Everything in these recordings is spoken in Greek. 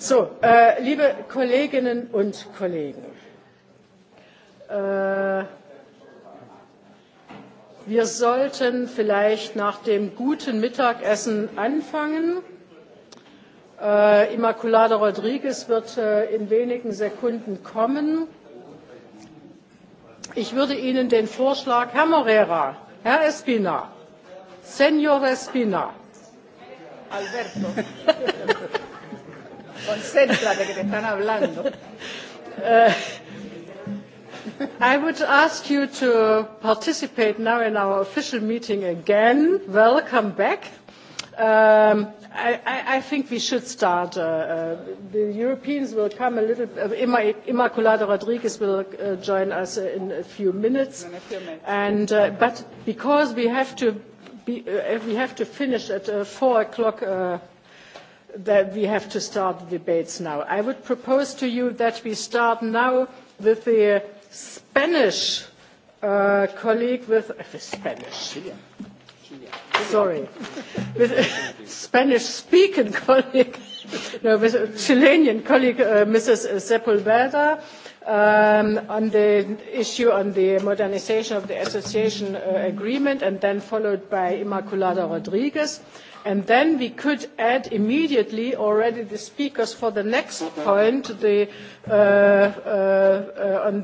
So, liebe Kolleginnen und Kollegen, wir sollten vielleicht nach dem guten Mittagessen anfangen. Äh, Immaculada Rodriguez wird in wenigen Sekunden kommen. Ich würde Ihnen den Vorschlag, Herr Morera, Herr Espina, Senor Espina, Alberto. Concéntrate, que te están hablando. I would ask you to participate now in our official meeting again. Welcome back. Um I I think we should start. The Europeans will come a little. Immaculada Rodriguez will join us in a few minutes. And but because we have to we have to finish at four o'clock that we have to start the debates now. I would propose to you that we start now with the Spanish colleague with Spanish. Sorry. With Spanish speaking colleague, no, with Chilean colleague, Mrs. Sepulveda, on the issue on the modernization of the association agreement and then followed by Immaculada Rodriguez And then we could add immediately already the speakers for the next point on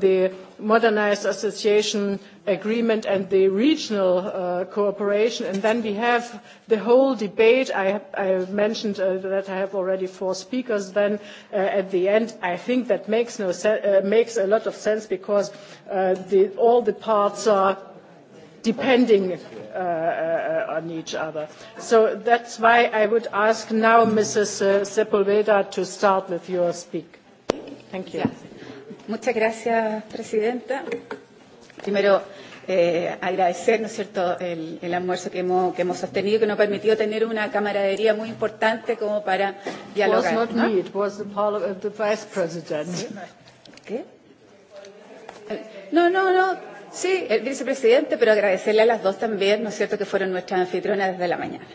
the modernized association agreement and the regional cooperation. And then we have the whole debate. I mentioned that I have already four speakers then at the end. I think that makes a lot of sense because all the parts are depending on each other. So that's why I would ask now Mrs. Sepulveda to start with your speak. Thank you. Muchas gracias, Presidenta. Primero, eh, agradecer ¿no es cierto? El, el almuerzo que hemos, que hemos sostenido que nos permitió tener una camaradería muy importante como para dialogar. It was not me, it was the, the Vice President. ¿Qué? No, no, no Sí, el vicepresidente, pero agradecerle a las dos también, ¿no es cierto?, que fueron nuestras anfitrionas desde la mañana.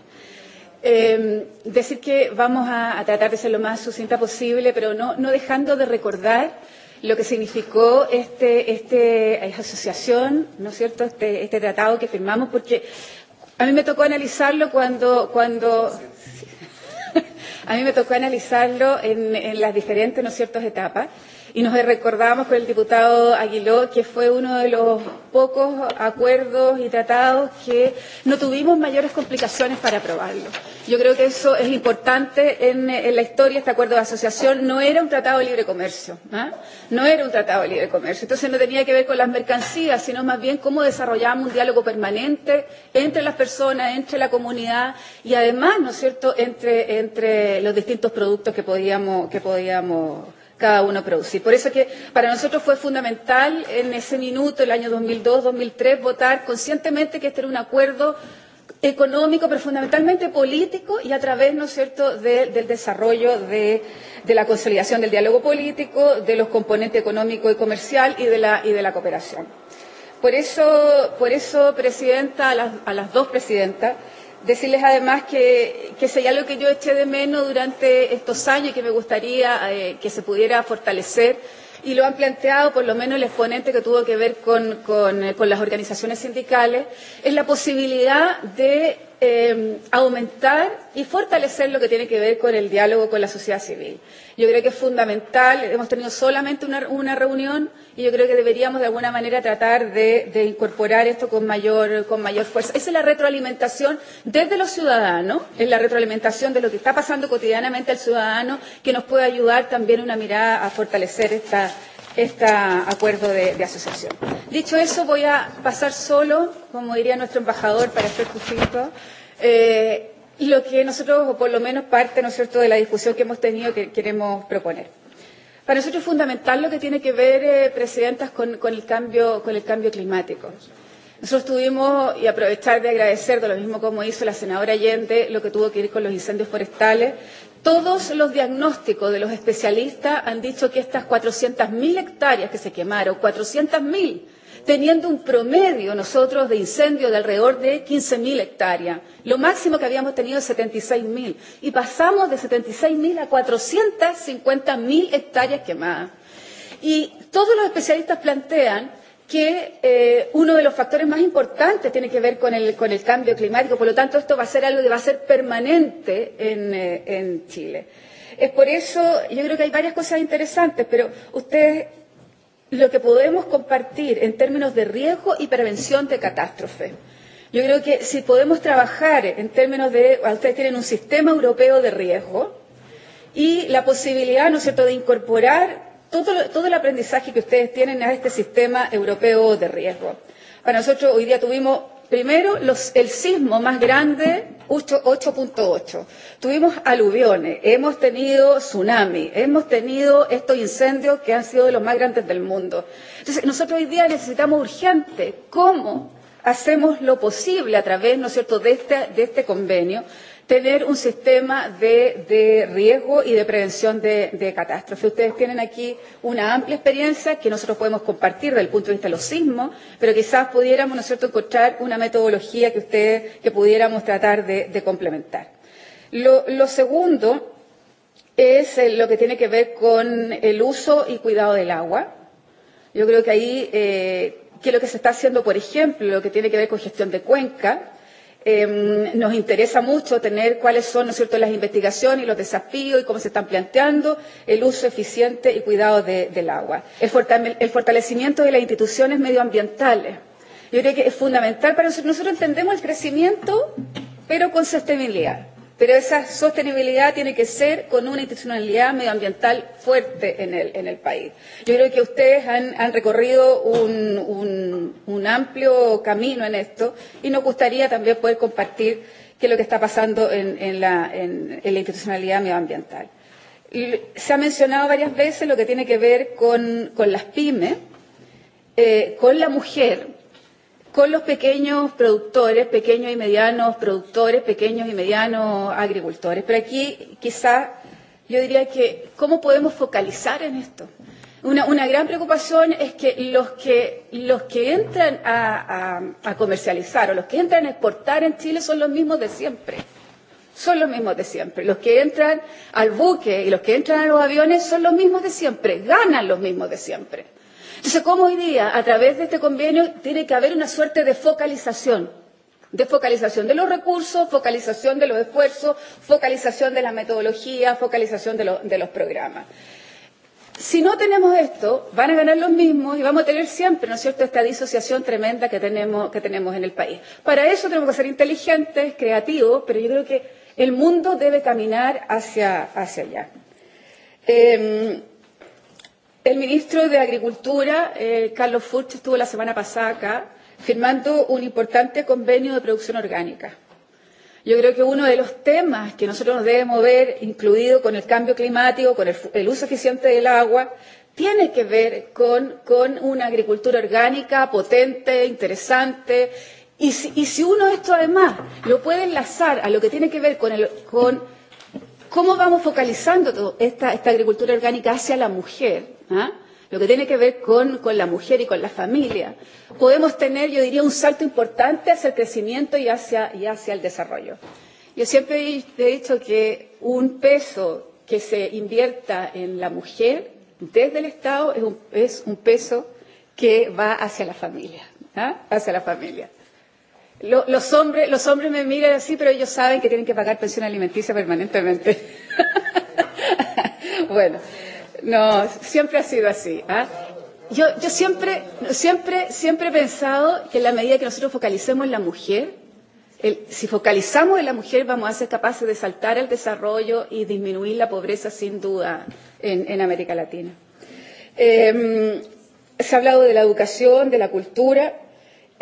Eh, decir que vamos a, a tratar de ser lo más sucinta posible, pero no, no dejando de recordar lo que significó este, este, esta asociación, ¿no es cierto?, este, este tratado que firmamos, porque a mí me tocó analizarlo cuando... cuando a mí me tocó analizarlo en, en las diferentes, ¿no es cierto?, etapas. Y nos recordamos con el diputado Aguiló que fue uno de los pocos acuerdos y tratados que no tuvimos mayores complicaciones para aprobarlo. Yo creo que eso es importante en, en la historia. Este acuerdo de asociación no era un tratado de libre comercio. ¿eh? No era un tratado de libre comercio. Entonces no tenía que ver con las mercancías, sino más bien cómo desarrollamos un diálogo permanente entre las personas, entre la comunidad y además, ¿no es cierto?, entre, entre los distintos productos que podíamos, que podíamos cada uno produce. por eso que para nosotros fue fundamental en ese minuto, el año 2002-2003, votar conscientemente que este era un acuerdo económico, pero fundamentalmente político y a través, ¿no es cierto?, del desarrollo de la consolidación del diálogo político, de los componentes económico y comercial y de la cooperación. Por eso, por eso, Presidenta, a las dos Presidentas, decirles además que, que sería lo que yo eché de menos durante estos años y que me gustaría que se pudiera fortalecer y lo han planteado por lo menos el exponente que tuvo que ver con, con, con las organizaciones sindicales, es la posibilidad de aumentar y fortalecer lo que tiene que ver con el diálogo con la sociedad civil. Yo creo que es fundamental, hemos tenido solamente una, una reunión y yo creo que deberíamos de alguna manera tratar de, de incorporar esto con mayor, con mayor fuerza. Esa es la retroalimentación desde los ciudadanos, es la retroalimentación de lo que está pasando cotidianamente al ciudadano que nos puede ayudar también una mirada a fortalecer esta, este acuerdo de, de asociación. Dicho eso, voy a pasar solo, como diría nuestro embajador, para ser justito. Eh, lo que nosotros, o por lo menos parte, ¿no es cierto?, de la discusión que hemos tenido que queremos proponer. Para nosotros es fundamental lo que tiene que ver, eh, Presidentas, con, con, el cambio, con el cambio climático. Nosotros tuvimos, y aprovechar de agradecer, de lo mismo como hizo la senadora Allende, lo que tuvo que ir con los incendios forestales, Todos los diagnósticos de los especialistas han dicho que estas 400.000 hectáreas que se quemaron, 400.000 teniendo un promedio nosotros de incendio de alrededor de 15.000 hectáreas. Lo máximo que habíamos tenido es 76.000. Y pasamos de 76.000 a 450.000 hectáreas quemadas. Y todos los especialistas plantean que uno de los factores más importantes tiene que ver con el, con el cambio climático. Por lo tanto, esto va a ser algo que va a ser permanente en, en Chile. Es por eso, yo creo que hay varias cosas interesantes, pero ustedes lo que podemos compartir en términos de riesgo y prevención de catástrofe. Yo creo que si podemos trabajar en términos de, ustedes tienen un sistema europeo de riesgo y la posibilidad, ¿no es cierto?, de incorporar todo, todo el aprendizaje que ustedes tienen a este sistema europeo de riesgo. Para nosotros hoy día tuvimos Primero, los, el sismo más grande, 8.8. Tuvimos aluviones, hemos tenido tsunami, hemos tenido estos incendios que han sido de los más grandes del mundo. Entonces, nosotros hoy día necesitamos urgente cómo hacemos lo posible a través, ¿no es cierto?, de este, de este convenio tener un sistema de, de riesgo y de prevención de, de catástrofe. Ustedes tienen aquí una amplia experiencia que nosotros podemos compartir desde el punto de vista de los sismos, pero quizás pudiéramos, ¿no es cierto?, encontrar una metodología que ustedes, que pudiéramos tratar de, de complementar. Lo, lo segundo es lo que tiene que ver con el uso y cuidado del agua. Yo creo que ahí, eh, que lo que se está haciendo, por ejemplo, lo que tiene que ver con gestión de cuenca, Nos interesa mucho tener cuáles son, ¿no cierto?, las investigaciones y los desafíos y cómo se están planteando el uso eficiente y cuidado del agua. El fortalecimiento de las instituciones medioambientales. Yo creo que es fundamental para nosotros. Nosotros entendemos el crecimiento, pero con sostenibilidad pero esa sostenibilidad tiene que ser con una institucionalidad medioambiental fuerte en el, en el país. Yo creo que ustedes han, han recorrido un, un, un amplio camino en esto y nos gustaría también poder compartir qué es lo que está pasando en, en, la, en, la institucionalidad medioambiental. Se ha mencionado varias veces lo que tiene que ver con, con las pymes, eh, con la mujer, con los pequeños productores, pequeños y medianos productores, pequeños y medianos agricultores. Pero aquí quizá yo diría que ¿cómo podemos focalizar en esto? Una, una gran preocupación es que los que, los que entran a, a, a comercializar o los que entran a exportar en Chile son los mismos de siempre. Son los mismos de siempre. Los que entran al buque y los que entran a los aviones son los mismos de siempre. Ganan los mismos de siempre Entonces, ¿cómo hoy día, a través de este convenio, tiene que haber una suerte de focalización? De focalización de los recursos, focalización de los esfuerzos, focalización de la metodología, focalización de los programas. Si no tenemos esto, van a ganar los mismos y vamos a tener siempre, ¿no es cierto?, esta disociación tremenda que tenemos, que tenemos en el país. Para eso tenemos que ser inteligentes, creativos, pero yo creo que el mundo debe caminar hacia, hacia allá. Eh, El ministro de Agricultura, Carlos Furch, estuvo la semana pasada acá firmando un importante convenio de producción orgánica. Yo creo que uno de los temas que nosotros nos debemos ver, incluido con el cambio climático, con el uso eficiente del agua, tiene que ver con una agricultura orgánica potente, interesante. Y si uno esto además lo puede enlazar a lo que tiene que ver con el con ¿Cómo vamos focalizando esta, esta agricultura orgánica hacia la mujer? Lo que tiene que ver con, con la mujer y con la familia. Podemos tener, yo diría, un salto importante hacia el crecimiento y hacia, y hacia el desarrollo. Yo siempre he dicho que un peso que se invierta en la mujer desde el Estado es un, es un peso que va hacia la familia, hacia la familia. Los hombres, los hombres me miran así, pero ellos saben que tienen que pagar pensión alimenticia permanentemente. bueno, no, siempre ha sido así. ¿ah? Yo, yo siempre, siempre, siempre he pensado que en la medida que nosotros focalicemos en la mujer, el, si focalizamos en la mujer vamos a ser capaces de saltar el desarrollo y disminuir la pobreza sin duda en, en América Latina. Eh, se ha hablado de la educación, de la cultura.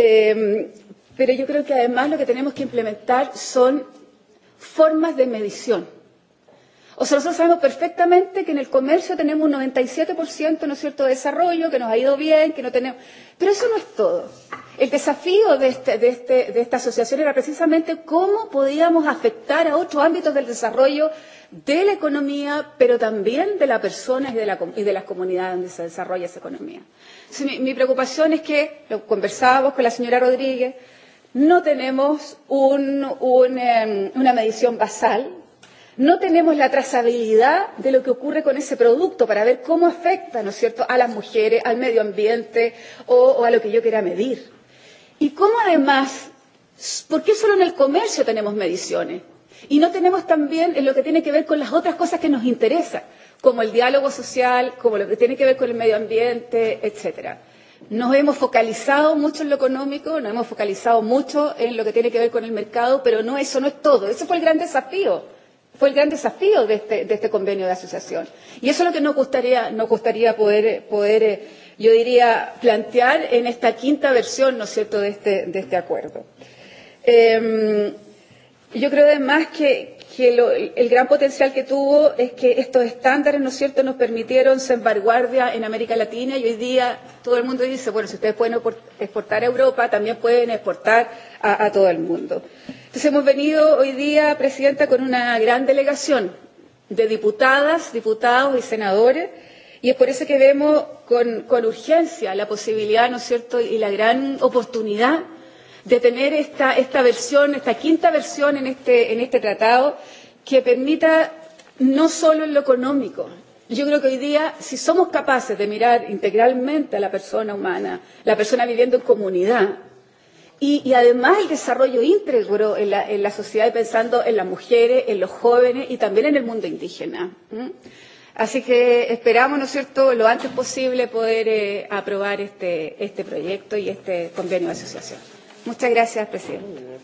Eh, pero yo creo que además lo que tenemos que implementar son formas de medición. O sea, nosotros sabemos perfectamente que en el comercio tenemos un 97%, ¿no es cierto?, de desarrollo, que nos ha ido bien, que no tenemos... Pero eso no es todo. El desafío de, este, de, este, de esta asociación era precisamente cómo podíamos afectar a otros ámbitos del desarrollo de la economía, pero también de la persona y de, la, y de las comunidades donde se desarrolla esa economía. mi, mi preocupación es que, lo conversábamos con la señora Rodríguez, no tenemos un, un, una medición basal, no tenemos la trazabilidad de lo que ocurre con ese producto para ver cómo afecta, ¿no es cierto?, a las mujeres, al medio ambiente o, a lo que yo quiera medir. Y cómo además, ¿por qué solo en el comercio tenemos mediciones? Y no tenemos también en lo que tiene que ver con las otras cosas que nos interesan, como el diálogo social, como lo que tiene que ver con el medio ambiente, etcétera. Nos hemos focalizado mucho en lo económico, nos hemos focalizado mucho en lo que tiene que ver con el mercado, pero no eso no es todo. Ese fue el gran desafío. Fue el gran desafío de este, de este convenio de asociación. Y eso es lo que nos gustaría, nos gustaría poder, poder, yo diría, plantear en esta quinta versión, ¿no es cierto?, de este, de este acuerdo. Eh, yo creo además que, que lo, el gran potencial que tuvo es que estos estándares, ¿no es cierto?, nos permitieron ser vanguardia en América Latina y hoy día todo el mundo dice, bueno, si ustedes pueden exportar a Europa, también pueden exportar a, a todo el mundo. Entonces hemos venido hoy día, Presidenta, con una gran delegación de diputadas, diputados y senadores y es por eso que vemos con, con urgencia la posibilidad, ¿no es cierto?, y la gran oportunidad de tener esta, esta versión, esta quinta versión en este, en este tratado que permita no solo en lo económico. Yo creo que hoy día, si somos capaces de mirar integralmente a la persona humana, la persona viviendo en comunidad, y, y además el desarrollo íntegro en la, en la sociedad, pensando en las mujeres, en los jóvenes y también en el mundo indígena. Así que esperamos, ¿no es cierto?, lo antes posible poder aprobar este, este proyecto y este convenio de asociación. Muchas gracias, presidente.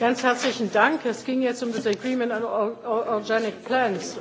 Ganz herzlichen Dank. Es ging jetzt um das Agreement on Organic Plants.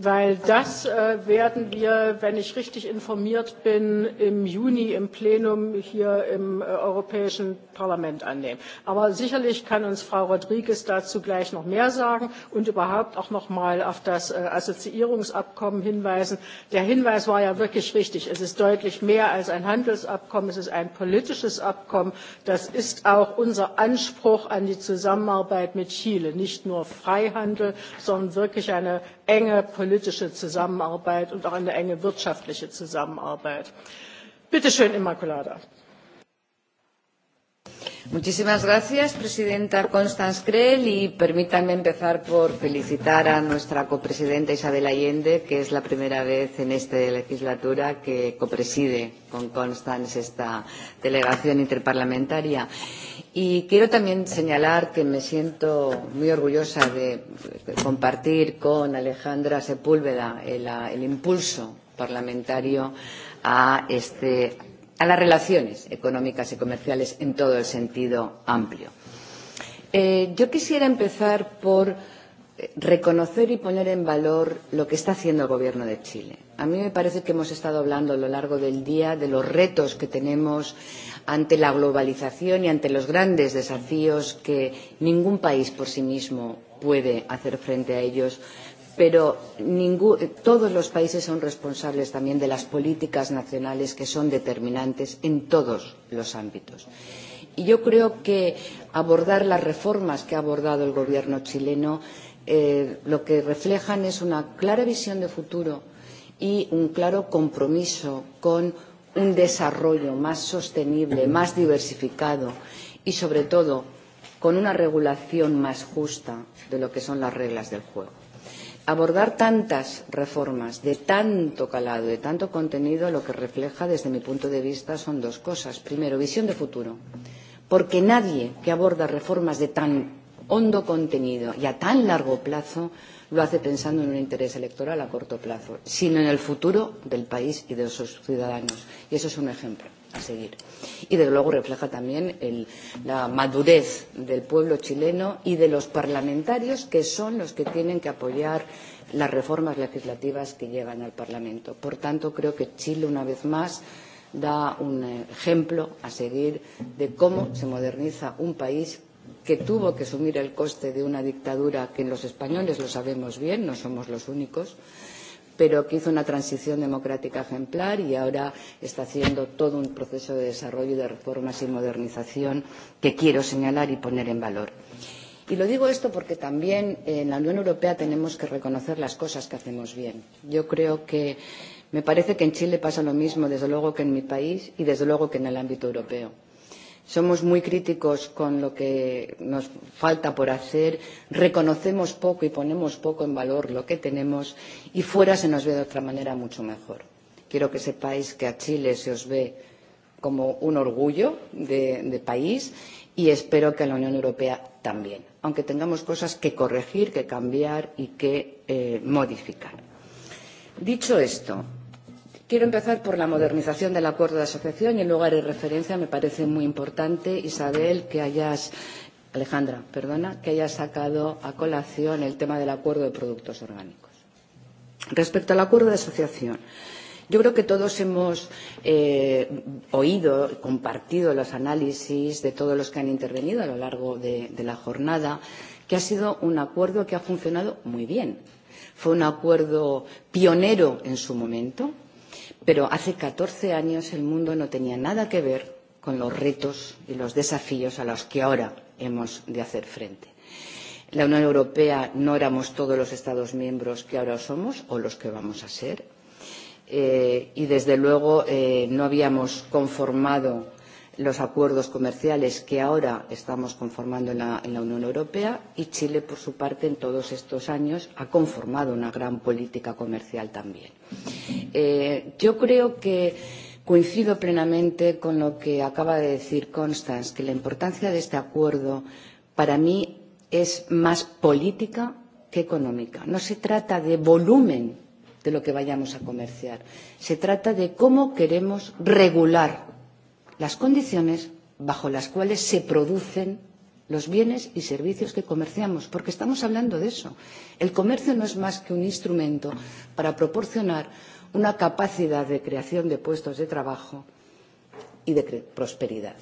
Weil das werden wir, wenn ich richtig informiert bin, im Juni im Plenum hier im Europäischen Parlament annehmen. Aber sicherlich kann uns Frau Rodriguez dazu gleich noch mehr sagen und überhaupt auch noch mal auf das Assoziierungsabkommen hinweisen. Der Hinweis war ja wirklich richtig. Es ist deutlich mehr als ein Handelsabkommen. Es ist ein politisches Abkommen. Das ist auch unser Anspruch an die Zusammenarbeit mit Chile. Nicht nur Freihandel, sondern wirklich eine enge politische Zusammenarbeit und auch eine enge wirtschaftliche Zusammenarbeit. Bitte schön, Immaculada. Muchísimas gracias, presidenta Constance Krell, y permítanme empezar por felicitar a nuestra copresidenta Isabel Allende, que es la primera vez en esta legislatura que copreside con Constance esta delegación interparlamentaria Y quiero también señalar que me siento muy orgullosa de compartir con Alejandra Sepúlveda el, impulso parlamentario a, las relaciones económicas y comerciales en todo el sentido amplio. yo quisiera empezar por reconocer y poner en valor lo que está haciendo el Gobierno de Chile. A mí me parece que hemos estado hablando a lo largo del día de los retos que tenemos ante la globalización y ante los grandes desafíos que ningún país por sí mismo puede hacer frente a ellos pero todos los países son responsables también de las políticas nacionales que son determinantes en todos los ámbitos y yo creo que abordar las reformas que ha abordado el gobierno chileno lo que reflejan es una clara visión de futuro y un claro compromiso con un desarrollo más sostenible, más diversificado y, sobre todo, con una regulación más justa de lo que son las reglas del juego. Abordar tantas reformas de tanto calado, de tanto contenido, lo que refleja, desde mi punto de vista, son dos cosas. Primero, visión de futuro, porque nadie que aborda reformas de tan hondo contenido y a tan largo plazo lo hace pensando en un interés electoral a corto plazo, sino en el futuro del país y de sus ciudadanos. Y eso es un ejemplo a seguir. Y desde luego refleja también el, la madurez del pueblo chileno y de los parlamentarios que son los que tienen que apoyar las reformas legislativas que llegan al Parlamento. Por tanto, creo que Chile, una vez más, da un ejemplo a seguir de cómo se moderniza un país que tuvo que asumir el coste de una dictadura que los españoles lo sabemos bien, no somos los únicos, pero que hizo una transición democrática ejemplar y ahora está haciendo todo un proceso de desarrollo, de reformas y modernización que quiero señalar y poner en valor. Y lo digo esto porque también en la Unión Europea tenemos que reconocer las cosas que hacemos bien. Yo creo que me parece que en Chile pasa lo mismo, desde luego que en mi país y desde luego que en el ámbito europeo somos muy críticos con lo que nos falta por hacer, reconocemos poco y ponemos poco en valor lo que tenemos y fuera se nos ve de otra manera mucho mejor. Quiero que sepáis que a Chile se os ve como un orgullo de país y espero que a la Unión Europea también, aunque tengamos cosas que corregir, que cambiar y que modificar. Dicho esto, Quiero empezar por la modernización del acuerdo de asociación y en lugar de referencia. Me parece muy importante, Isabel, que hayas Alejandra, perdona, que hayas sacado a colación el tema del acuerdo de productos orgánicos. Respecto al acuerdo de asociación, yo creo que todos hemos eh, oído, compartido los análisis de todos los que han intervenido a lo largo de, de la jornada, que ha sido un acuerdo que ha funcionado muy bien. Fue un acuerdo pionero en su momento, Pero hace 14 años el mundo no tenía nada que ver con los retos y los desafíos a los que ahora hemos de hacer frente. La Unión Europea no éramos todos los Estados miembros que ahora somos o los que vamos a ser. Y desde luego no habíamos conformado los acuerdos comerciales que ahora estamos conformando en la Unión Europea y Chile, por su parte, en todos estos años ha conformado una gran política comercial también. Yo creo que coincido plenamente con lo que acaba de decir Constance, que la importancia de este acuerdo para mí es más política que económica. No se trata de volumen de lo que vayamos a comerciar, se trata de cómo queremos regular las condiciones bajo las cuales se producen los bienes y servicios que comerciamos, porque estamos hablando de eso. El comercio no es más que un instrumento para proporcionar una capacidad de creación de puestos de trabajo y de prosperidad.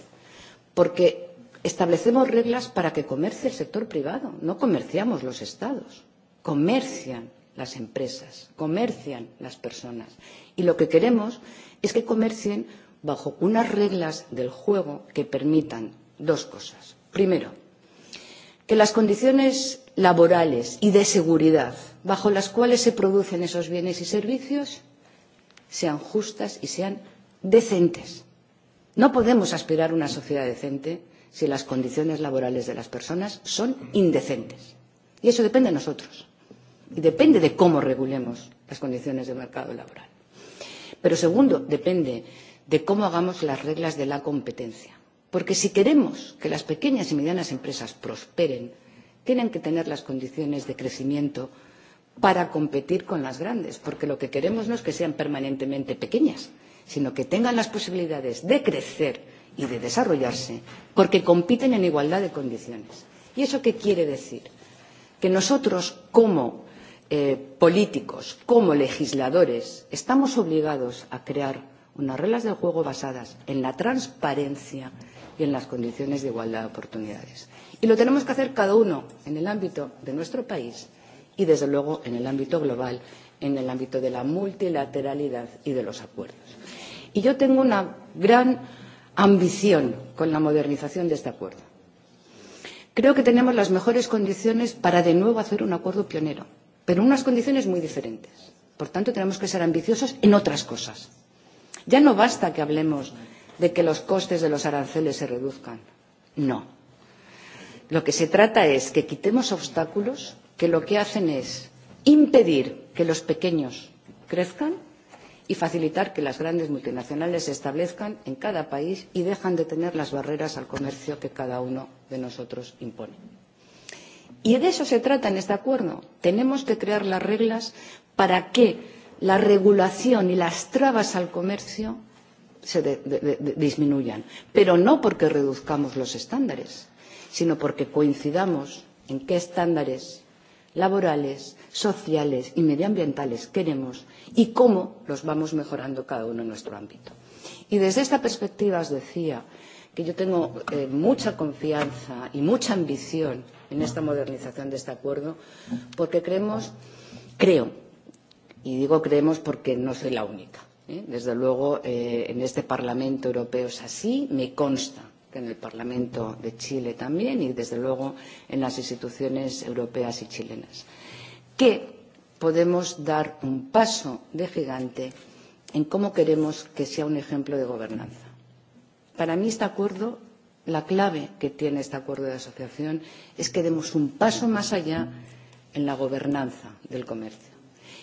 Porque establecemos reglas para que comercie el sector privado, no comerciamos los Estados, comercian las empresas, comercian las personas. Y lo que queremos es que comercien bajo unas reglas del juego que permitan dos cosas. Primero, que las condiciones laborales y de seguridad bajo las cuales se producen esos bienes y servicios sean justas y sean decentes. No podemos aspirar a una sociedad decente si las condiciones laborales de las personas son indecentes. Y eso depende de nosotros. Y depende de cómo regulemos las condiciones del mercado laboral. Pero segundo, depende de cómo hagamos las reglas de la competencia. Porque si queremos que las pequeñas y medianas empresas prosperen, tienen que tener las condiciones de crecimiento para competir con las grandes, porque lo que queremos no es que sean permanentemente pequeñas, sino que tengan las posibilidades de crecer y de desarrollarse, porque compiten en igualdad de condiciones. ¿Y eso qué quiere decir? Que nosotros, como políticos, como legisladores, estamos obligados a crear unas reglas del juego basadas en la transparencia y en las condiciones de igualdad de oportunidades. Y lo tenemos que hacer cada uno en el ámbito de nuestro país y, desde luego, en el ámbito global, en el ámbito de la multilateralidad y de los acuerdos. Y yo tengo una gran ambición con la modernización de este acuerdo. Creo que tenemos las mejores condiciones para de nuevo hacer un acuerdo pionero, pero unas condiciones muy diferentes. Por tanto, tenemos que ser ambiciosos en otras cosas Ya no basta que hablemos de que los costes de los aranceles se reduzcan. No. Lo que se trata es que quitemos obstáculos que lo que hacen es impedir que los pequeños crezcan y facilitar que las grandes multinacionales se establezcan en cada país y dejan de tener las barreras al comercio que cada uno de nosotros impone. Y de eso se trata en este acuerdo. Tenemos que crear las reglas para que la regulación y las trabas al comercio se disminuyan. Pero no porque reduzcamos los estándares, sino porque coincidamos en qué estándares laborales, sociales y medioambientales queremos y cómo los vamos mejorando cada uno en nuestro ámbito. Y desde esta perspectiva os decía que yo tengo mucha confianza y mucha ambición en esta modernización de este acuerdo porque creemos, creo Y digo creemos porque no soy la única. Desde luego, en este Parlamento Europeo es así. Me consta que en el Parlamento de Chile también y, desde luego, en las instituciones europeas y chilenas. Que podemos dar un paso de gigante en cómo queremos que sea un ejemplo de gobernanza. Para mí este acuerdo, la clave que tiene este acuerdo de asociación es que demos un paso más allá en la gobernanza del comercio.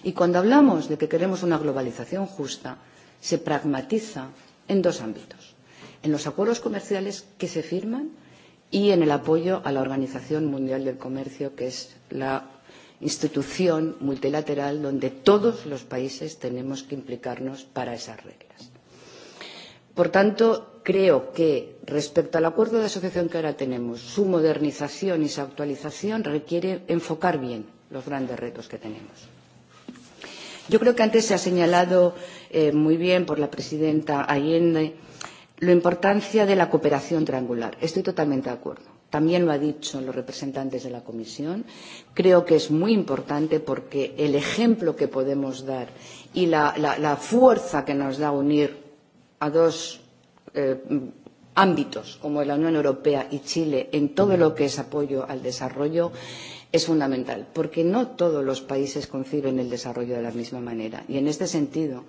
Y cuando hablamos de que queremos una globalización justa, se pragmatiza en dos ámbitos. En los acuerdos comerciales que se firman y en el apoyo a la Organización Mundial del Comercio, que es la institución multilateral donde todos los países tenemos que implicarnos para esas reglas. Por tanto, creo que respecto al acuerdo de asociación que ahora tenemos, su modernización y su actualización requiere enfocar bien los grandes retos que tenemos. Yo creo que antes se ha señalado muy bien por la presidenta Allende la importancia de la cooperación triangular. Estoy totalmente de acuerdo. También lo han dicho los representantes de la Comisión. Creo que es muy importante porque el ejemplo que podemos dar y la fuerza que nos da unir a dos ámbitos como la Unión Europea y Chile en todo lo que es apoyo al desarrollo es fundamental, porque no todos los países conciben el desarrollo de la misma manera. Y en este sentido,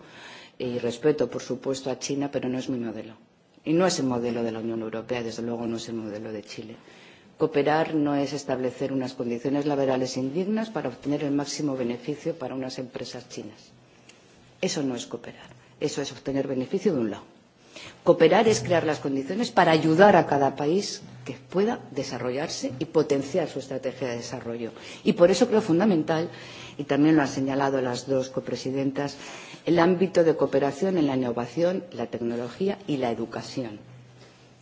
y respeto, por supuesto, a China, pero no es mi modelo. Y no es el modelo de la Unión Europea, desde luego no es el modelo de Chile. Cooperar no es establecer unas condiciones laborales indignas para obtener el máximo beneficio para unas empresas chinas. Eso no es cooperar, eso es obtener beneficio de un lado. Cooperar es crear las condiciones para ayudar a cada país que pueda desarrollarse y potenciar su estrategia de desarrollo. Y por eso creo fundamental, y también lo han señalado las dos copresidentas, el ámbito de cooperación en la innovación, la tecnología y la educación.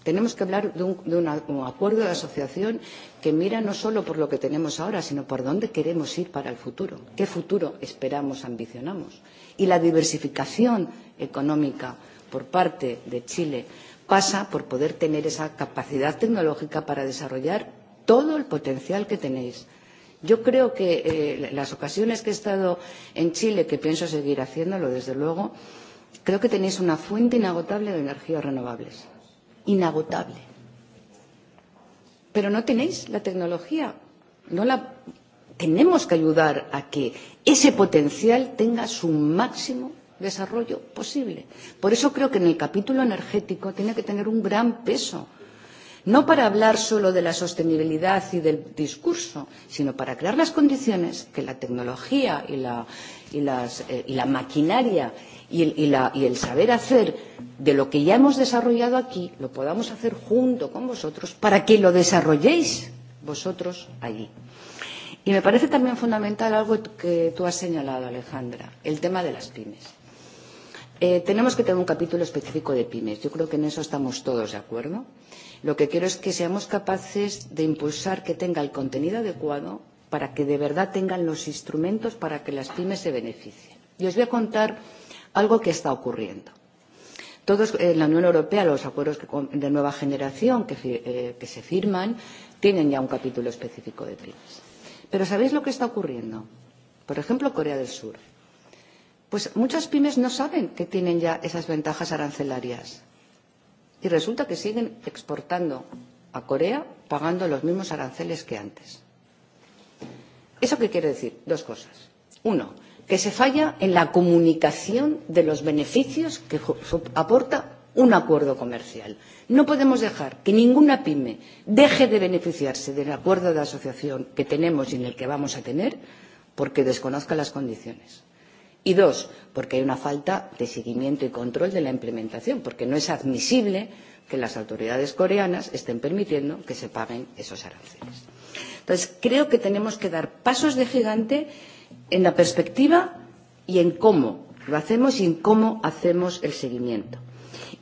Tenemos que hablar de un acuerdo de asociación que mira no solo por lo que tenemos ahora, sino por dónde queremos ir para el futuro, qué futuro esperamos, ambicionamos. Y la diversificación económica por parte de Chile pasa por poder tener esa capacidad tecnológica para desarrollar todo el potencial que tenéis. Yo creo que las ocasiones que he estado en Chile, que pienso seguir haciéndolo, desde luego, creo que tenéis una fuente inagotable de energías renovables. Inagotable. Pero no tenéis la tecnología. No la... Tenemos que ayudar a que ese potencial tenga su máximo desarrollo posible. Por eso creo que en el capítulo energético tiene que tener un gran peso. No para hablar solo de la sostenibilidad y del discurso, sino para crear las condiciones que la tecnología y la, y las, y la maquinaria y el, y, la, y el saber hacer de lo que ya hemos desarrollado aquí lo podamos hacer junto con vosotros para que lo desarrolléis vosotros allí. Y me parece también fundamental algo que tú has señalado, Alejandra, el tema de las pymes tenemos que tener un capítulo específico de pymes. Yo creo que en eso estamos todos de acuerdo. Lo que quiero es que seamos capaces de impulsar que tenga el contenido adecuado para que de verdad tengan los instrumentos para que las pymes se beneficien. Y os voy a contar algo que está ocurriendo. Todos en la Unión Europea, los acuerdos de nueva generación que, que se firman, tienen ya un capítulo específico de pymes. Pero ¿sabéis lo que está ocurriendo? Por ejemplo, Corea del Sur pues muchas pymes no saben que tienen ya esas ventajas arancelarias y resulta que siguen exportando a Corea pagando los mismos aranceles que antes. ¿Eso qué quiere decir? Dos cosas. Uno, que se falla en la comunicación de los beneficios que aporta un acuerdo comercial. No podemos dejar que ninguna pyme deje de beneficiarse del acuerdo de asociación que tenemos y en el que vamos a tener porque desconozca las condiciones. Y dos, porque hay una falta de seguimiento y control de la implementación, porque no es admisible que las autoridades coreanas estén permitiendo que se paguen esos aranceles. Entonces, creo que tenemos que dar pasos de gigante en la perspectiva y en cómo lo hacemos y en cómo hacemos el seguimiento.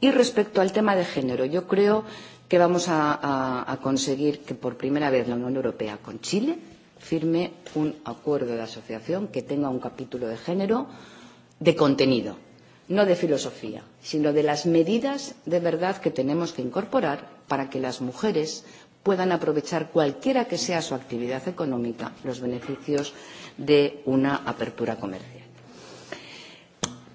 Y respecto al tema de género, yo creo que vamos a conseguir que por primera vez la Unión Europea con Chile firme un acuerdo de asociación que tenga un capítulo de género de contenido, no de filosofía, sino de las medidas de verdad que tenemos que incorporar para que las mujeres puedan aprovechar cualquiera que sea su actividad económica los beneficios de una apertura comercial.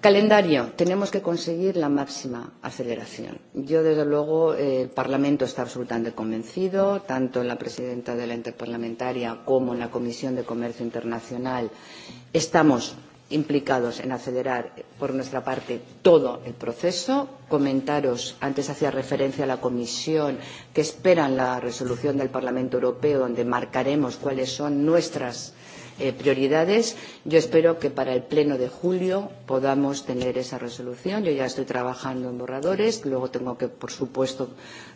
Calendario. Tenemos que conseguir la máxima aceleración. Yo, desde luego, el Parlamento está absolutamente convencido, tanto la presidenta de la Interparlamentaria como en la Comisión de Comercio Internacional. Estamos implicados en acelerar, por nuestra parte, todo el proceso. Comentaros, antes hacía referencia a la Comisión, que esperan la resolución del Parlamento Europeo, donde marcaremos cuáles son nuestras prioridades. Yo espero que para el pleno de julio podamos tener esa resolución. Yo ya estoy trabajando en borradores. Luego tengo que, por supuesto,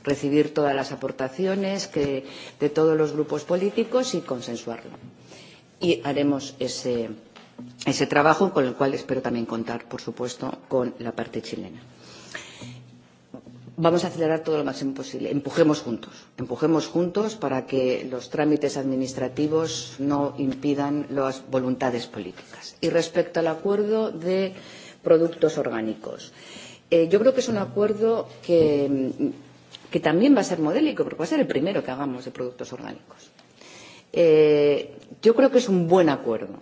recibir todas las aportaciones que, de todos los grupos políticos y consensuarlo. Y haremos ese, ese trabajo con el cual espero también contar, por supuesto, con la parte chilena vamos a acelerar todo lo máximo posible. Empujemos juntos. Empujemos juntos para que los trámites administrativos no impidan las voluntades políticas. Y respecto al acuerdo de productos orgánicos, yo creo que es un acuerdo que, que también va a ser modélico, porque va a ser el primero que hagamos de productos orgánicos. Eh, yo creo que es un buen acuerdo.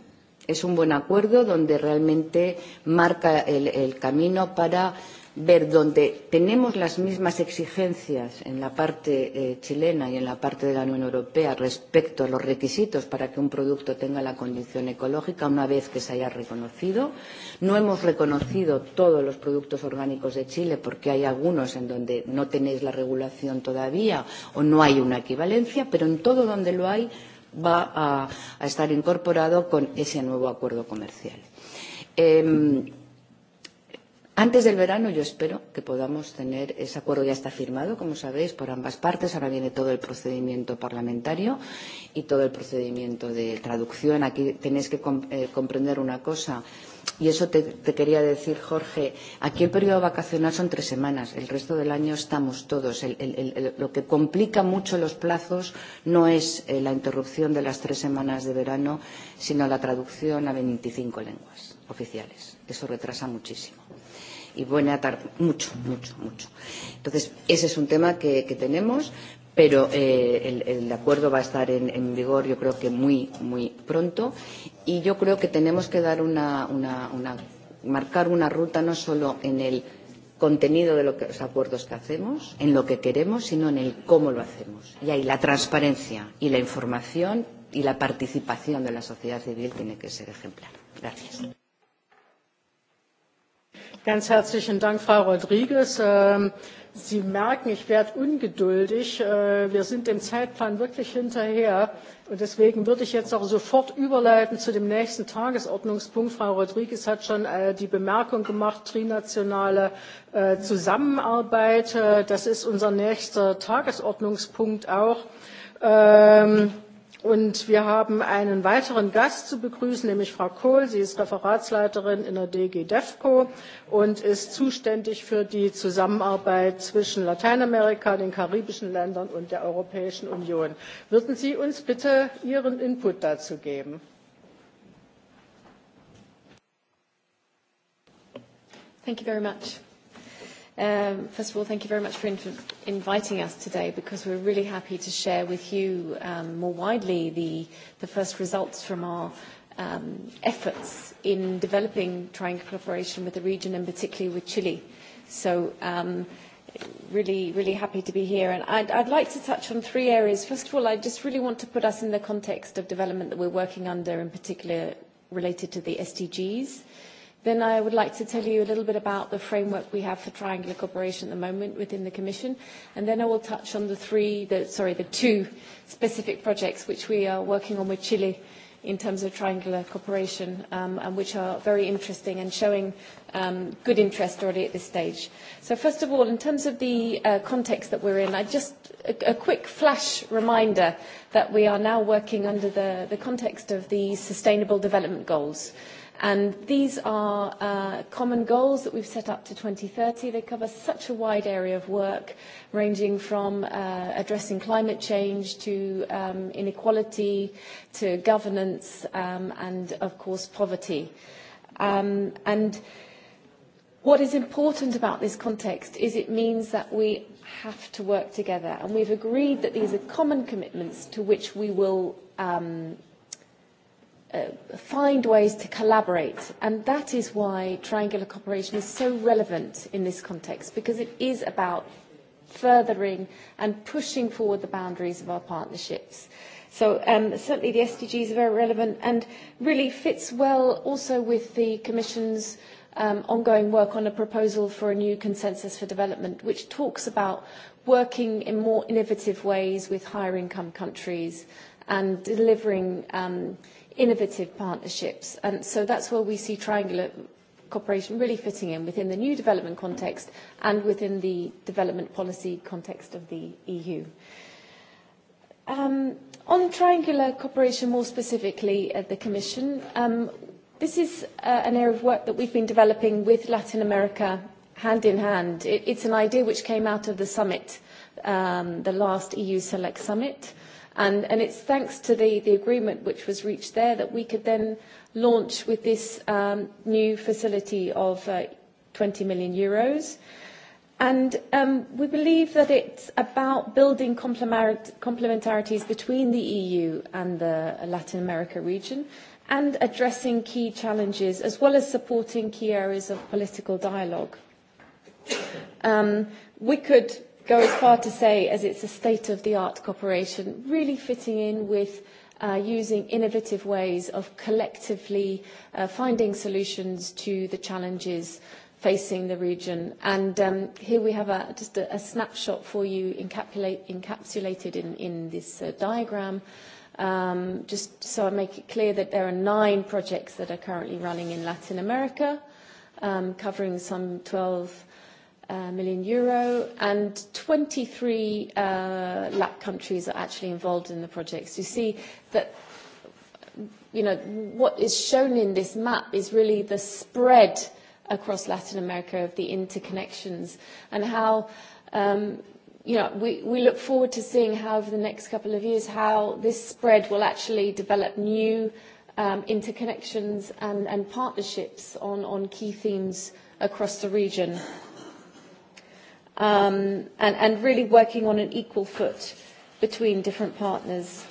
Es un buen acuerdo donde realmente marca el camino para ver donde tenemos las mismas exigencias en la parte chilena y en la parte de la Unión Europea respecto a los requisitos para que un producto tenga la condición ecológica una vez que se haya reconocido. No hemos reconocido todos los productos orgánicos de Chile porque hay algunos en donde no tenéis la regulación todavía o no hay una equivalencia, pero en todo donde lo hay va a estar incorporado con ese nuevo acuerdo comercial. Antes del verano yo espero que podamos tener ese acuerdo ya está firmado, como sabéis, por ambas partes. Ahora viene todo el procedimiento parlamentario y todo el procedimiento de traducción. Aquí tenéis que comprender una cosa. Y eso te, quería decir, Jorge, aquí el periodo vacacional son tres semanas, el resto del año estamos todos. lo que complica mucho los plazos no es la interrupción de las tres semanas de verano, sino la traducción a 25 lenguas oficiales. Eso retrasa muchísimo y buena tarde. mucho, mucho, mucho. Entonces, ese es un tema que, que tenemos, pero eh, el, el acuerdo va a estar en, en vigor yo creo que muy, muy pronto y yo creo que tenemos que dar una, una, una, marcar una ruta no solo en el contenido de los acuerdos que hacemos, en lo que queremos, sino en el cómo lo hacemos. Y ahí la transparencia y la información y la participación de la sociedad civil tiene que ser ejemplar. Gracias. Ganz herzlichen Dank, Frau Rodriguez. Sie merken, ich werde ungeduldig. Wir sind dem Zeitplan wirklich hinterher. Und deswegen würde ich jetzt auch sofort überleiten zu dem nächsten Tagesordnungspunkt. Frau Rodriguez hat schon die Bemerkung gemacht, trinationale Zusammenarbeit. Das ist unser nächster Tagesordnungspunkt auch. Und wir haben einen weiteren Gast zu begrüßen, nämlich Frau Kohl. Sie ist Referatsleiterin in der DG DEFCO und ist zuständig für die Zusammenarbeit zwischen Lateinamerika, den karibischen Ländern und der Europäischen Union. Würden Sie uns bitte Ihren Input dazu geben? First of all, thank you very much for inviting us today because we're really happy to share with you more widely the first results from our efforts in developing triangular cooperation with the region and particularly with Chile. So really, really happy to be here. And I'd like to touch on three areas. First of all, I just really want to put us in the context of development that we're working under, in particular related to the SDGs. Then I would like to tell you a little bit about the framework we have for triangular cooperation at the moment within the Commission, and then I will touch on the three, the, sorry, the two specific projects which we are working on with Chile in terms of triangular cooperation, and which are very interesting and showing good interest already at this stage. So first of all, in terms of the context that we're in, I just a quick flash reminder that we are now working under the context of the Sustainable Development Goals And these are common goals that we've set up to 2030. They cover such a wide area of work, ranging from addressing climate change to inequality to governance and, of course, poverty. And what is important about this context is it means that we have to work together. And we've agreed that these are common commitments to which we will find ways to collaborate. And that is why triangular cooperation is so relevant in this context, because it is about furthering and pushing forward the boundaries of our partnerships. So certainly the SDGs are very relevant and really fits well also with the Commission's ongoing work on a proposal for a new consensus for development, which talks about working in more innovative ways with higher income countries and delivering innovative partnerships. And so that's where we see triangular cooperation really fitting in within the new development context and within the development policy context of the EU. On triangular cooperation more specifically at the Commission, this is an area of work that we've been developing with Latin America hand in hand. It's an idea which came out of the summit, the last EU Select Summit And it's thanks to the agreement which was reached there that we could then launch with this new facility of 20 million euros. And we believe that it's about building complementarities between the EU and the Latin America region and addressing key challenges as well as supporting key areas of political dialogue. We could go as far to say as it's a state-of-the-art cooperation, really fitting in with using innovative ways of collectively finding solutions to the challenges facing the region. And here we have just a snapshot for you encapsulated in this diagram, just so I make it clear that there are nine projects that are currently running in Latin America, covering some 12 million euro, and 23 LAP countries are actually involved in the projects. You see that you know, what is shown in this map is really the spread across Latin America of the interconnections and how, you know, we, we look forward to seeing how over the next couple of years how this spread will actually develop new interconnections and, and partnerships on, on key themes across the region and and really working on an equal foot between different partners.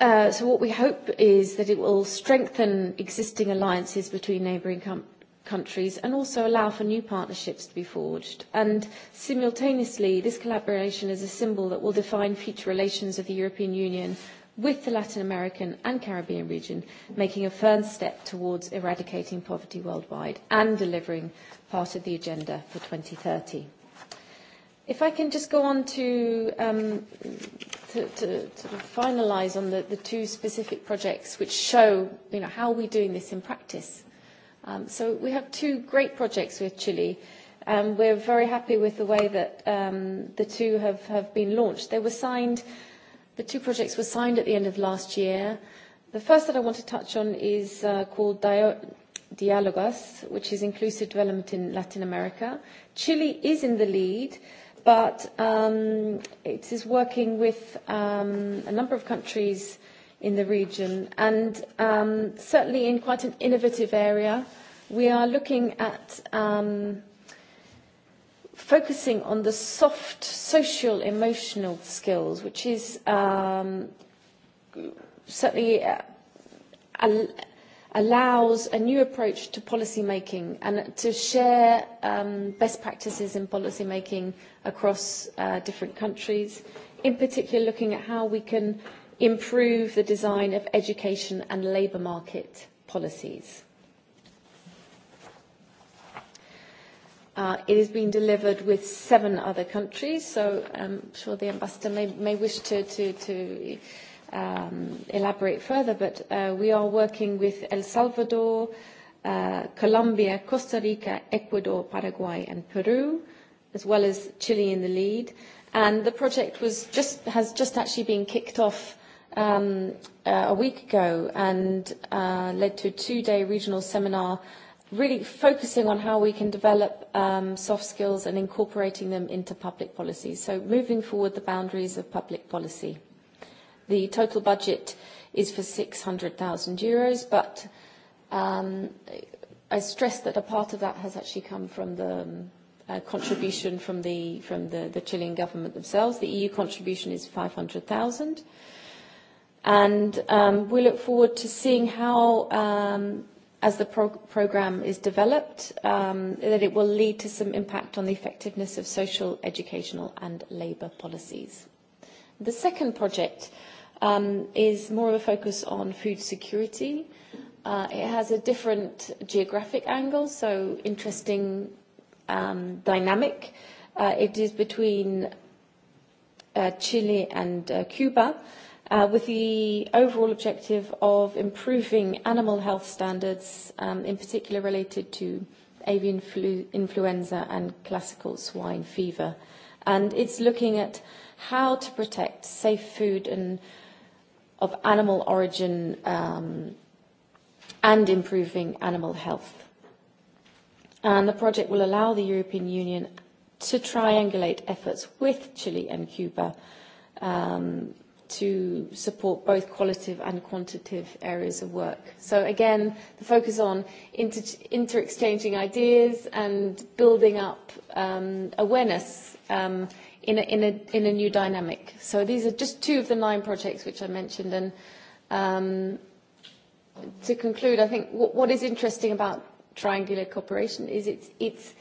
So what we hope is that it will strengthen existing alliances between neighbouring countries and also allow for new partnerships to be forged. And simultaneously, this collaboration is a symbol that will define future relations of the European Union with the Latin American and Caribbean region, making a firm step towards eradicating poverty worldwide and delivering part of the agenda for 2030. If I can just go on to to finalise on the two specific projects which show you know, how we're doing this in practice. So we have two great projects with Chile. We're very happy with the way that the two have have been launched. They were signed The two projects were signed at the end of last year. The first that I want to touch on is called Dialogas, which is inclusive development in Latin America. Chile is in the lead, but it is working with a number of countries in the region, and certainly in quite an innovative area. We are looking at focusing on the soft social emotional skills, which is certainly allows a new approach to policy making and to share best practices in policy making across different countries, in particular looking at how we can improve the design of education and labour market policies. It is being delivered with seven other countries, so I'm sure the ambassador may wish to elaborate further, but we are working with El Salvador, Colombia, Costa Rica, Ecuador, Paraguay, and Peru, as well as Chile in the lead. And the project was just has just actually been kicked off a week ago and led to a two-day regional seminar really focusing on how we can develop soft skills and incorporating them into public policy. So moving forward the boundaries of public policy. The total budget is for 600,000 euros, but I stress that a part of that has actually come from the contribution from the from the the Chilean government themselves. The EU contribution is 500,000. And we look forward to seeing how as the programme is developed, that it will lead to some impact on the effectiveness of social, educational and labour policies. The second project is more of a focus on food security. It has a different geographic angle, so interesting dynamic. It is between Chile and Cuba with the overall objective of improving animal health standards, in particular related to avian influenza and classical swine fever. And it's looking at how to protect safe food and of animal origin and improving animal health. And the project will allow the European Union to triangulate efforts with Chile and Cuba to support both qualitative and quantitative areas of work. So again, the focus on inter-exchanging ideas and building up awareness in a new dynamic. So these are just two of the nine projects which I mentioned. And to conclude, I think what is interesting about triangular cooperation is it's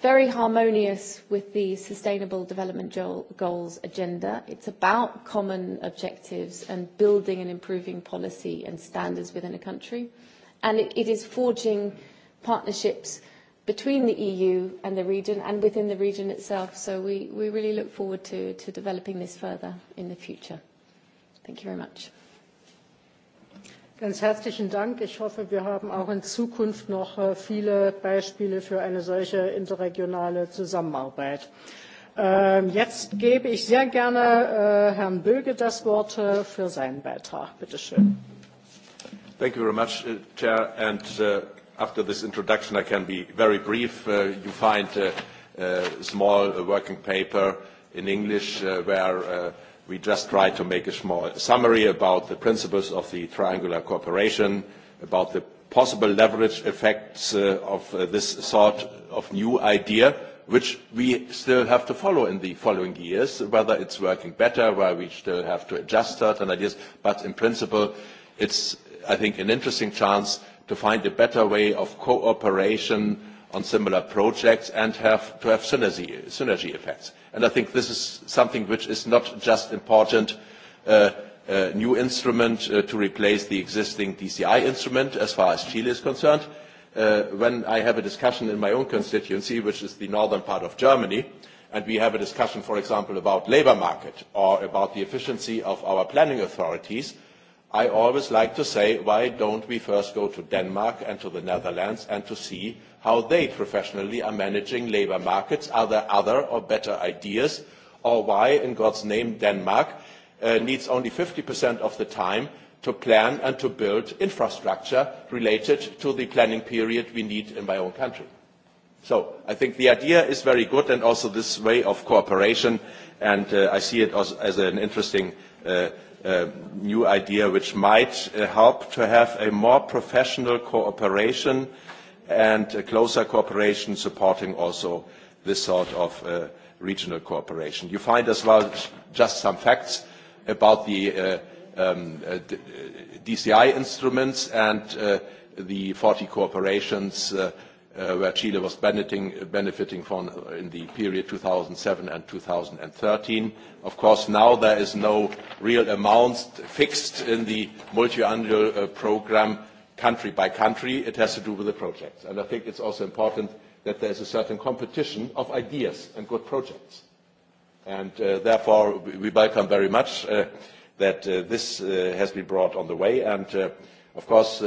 very harmonious with the Sustainable Development Goals agenda. It's about common objectives and building and improving policy and standards within a country. And it is forging partnerships between the EU and the region and within the region itself. So we we really look forward to to developing this further in the future. Thank you very much. Ganz herzlichen Dank. Ich hoffe, wir haben auch in Zukunft noch viele Beispiele für eine solche interregionale Zusammenarbeit. Jetzt gebe ich sehr gerne Herrn Böge das Wort für seinen Beitrag. Bitte schön. Thank you very much, Chair. And after this introduction, I can be very brief. You find a small working paper in English where We just try to make a small summary about the principles of the triangular cooperation, about the possible leverage effects of this sort of new idea, which we still have to follow in the following years, whether it's working better, where we still have to adjust certain ideas. But in principle, it's, I think, an interesting chance to find a better way of cooperation on similar projects and have to have synergy effects. And I think this is something which is not just important a new instrument to replace the existing DCI instrument as far as Chile is concerned. When I have a discussion in my own constituency, which is the northern part of Germany, and we have a discussion, for example, about labor market or about the efficiency of our planning authorities, I always like to say, why don't we first go to Denmark and to the Netherlands and to see how they professionally are managing labour markets. Are there other or better ideas? Or why, in God's name, Denmark needs only 50% of the time to plan and to build infrastructure related to the planning period we need in my own country. So I think the idea is very good and also this way of cooperation and I see it as an interesting new idea which might help to have a more professional cooperation and a closer cooperation supporting also this sort of regional cooperation. You find as well just some facts about the DCI instruments and the 40 corporations where Chile was benefiting from in the period 2007 and 2013. Of course, now there is no real amount fixed in the multi-annual program country by country. It has to do with the projects. And I think it's also important that there is a certain competition of ideas and good projects. And therefore, we welcome very much that this has been brought on the way. And of course,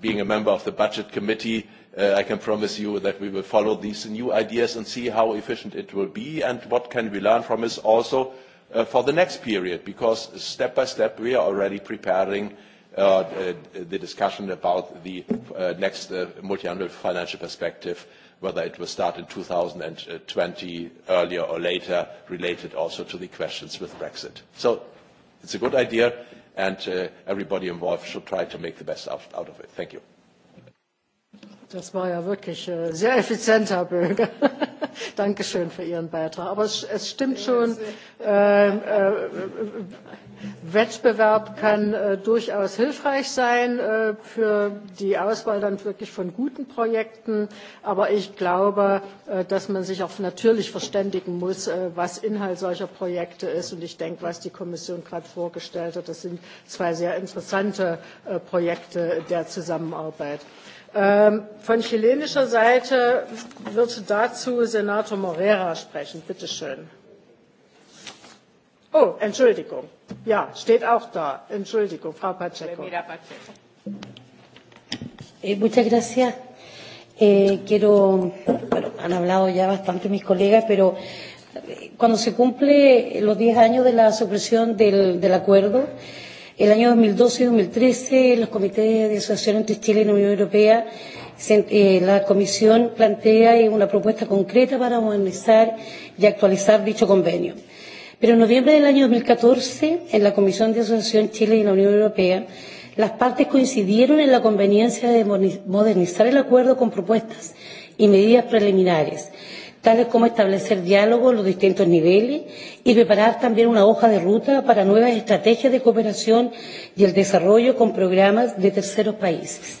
being a member of the Budget Committee, I can promise you that we will follow these new ideas and see how efficient it will be and what can we learn from this also for the next period, because step by step we are already preparing the discussion about the next multi-annual financial perspective, whether it will start in 2020 earlier or later, related also to the questions with Brexit. So it's a good idea, and everybody involved should try to make the best out of it. Thank you. Das war ja wirklich sehr sehr effizienter Danke schön für Ihren Beitrag. Aber es stimmt schon, Wettbewerb kann durchaus hilfreich sein für die Auswahl dann wirklich von guten Projekten. Aber ich glaube, dass man sich auch natürlich verständigen muss, was Inhalt solcher Projekte ist. Und ich denke, was die Kommission gerade vorgestellt hat, das sind zwei sehr interessante Projekte der Zusammenarbeit. Ähm, Von chilenischer Seite wird dazu Senator Morera sprechen. Bitte schön. Oh, Entschuldigung. Ja, steht auch da. Entschuldigung, Frau Pacheco. Eh, Muchas gracias. Eh, Quiero, bueno, han hablado ya bastante mis colegas, pero cuando se cumple los 10 años de la supresión del acuerdo, El año 2012 y 2013 los comités de asociación entre Chile y la Unión Europea la Comisión plantea una propuesta concreta para modernizar y actualizar dicho convenio. Pero en noviembre del año 2014, en la Comisión de Asociación Chile y la Unión Europea, las partes coincidieron en la conveniencia de modernizar el acuerdo con propuestas y medidas preliminares tales como establecer diálogo en los distintos niveles y preparar también una hoja de ruta para nuevas estrategias de cooperación y el desarrollo con programas de terceros países.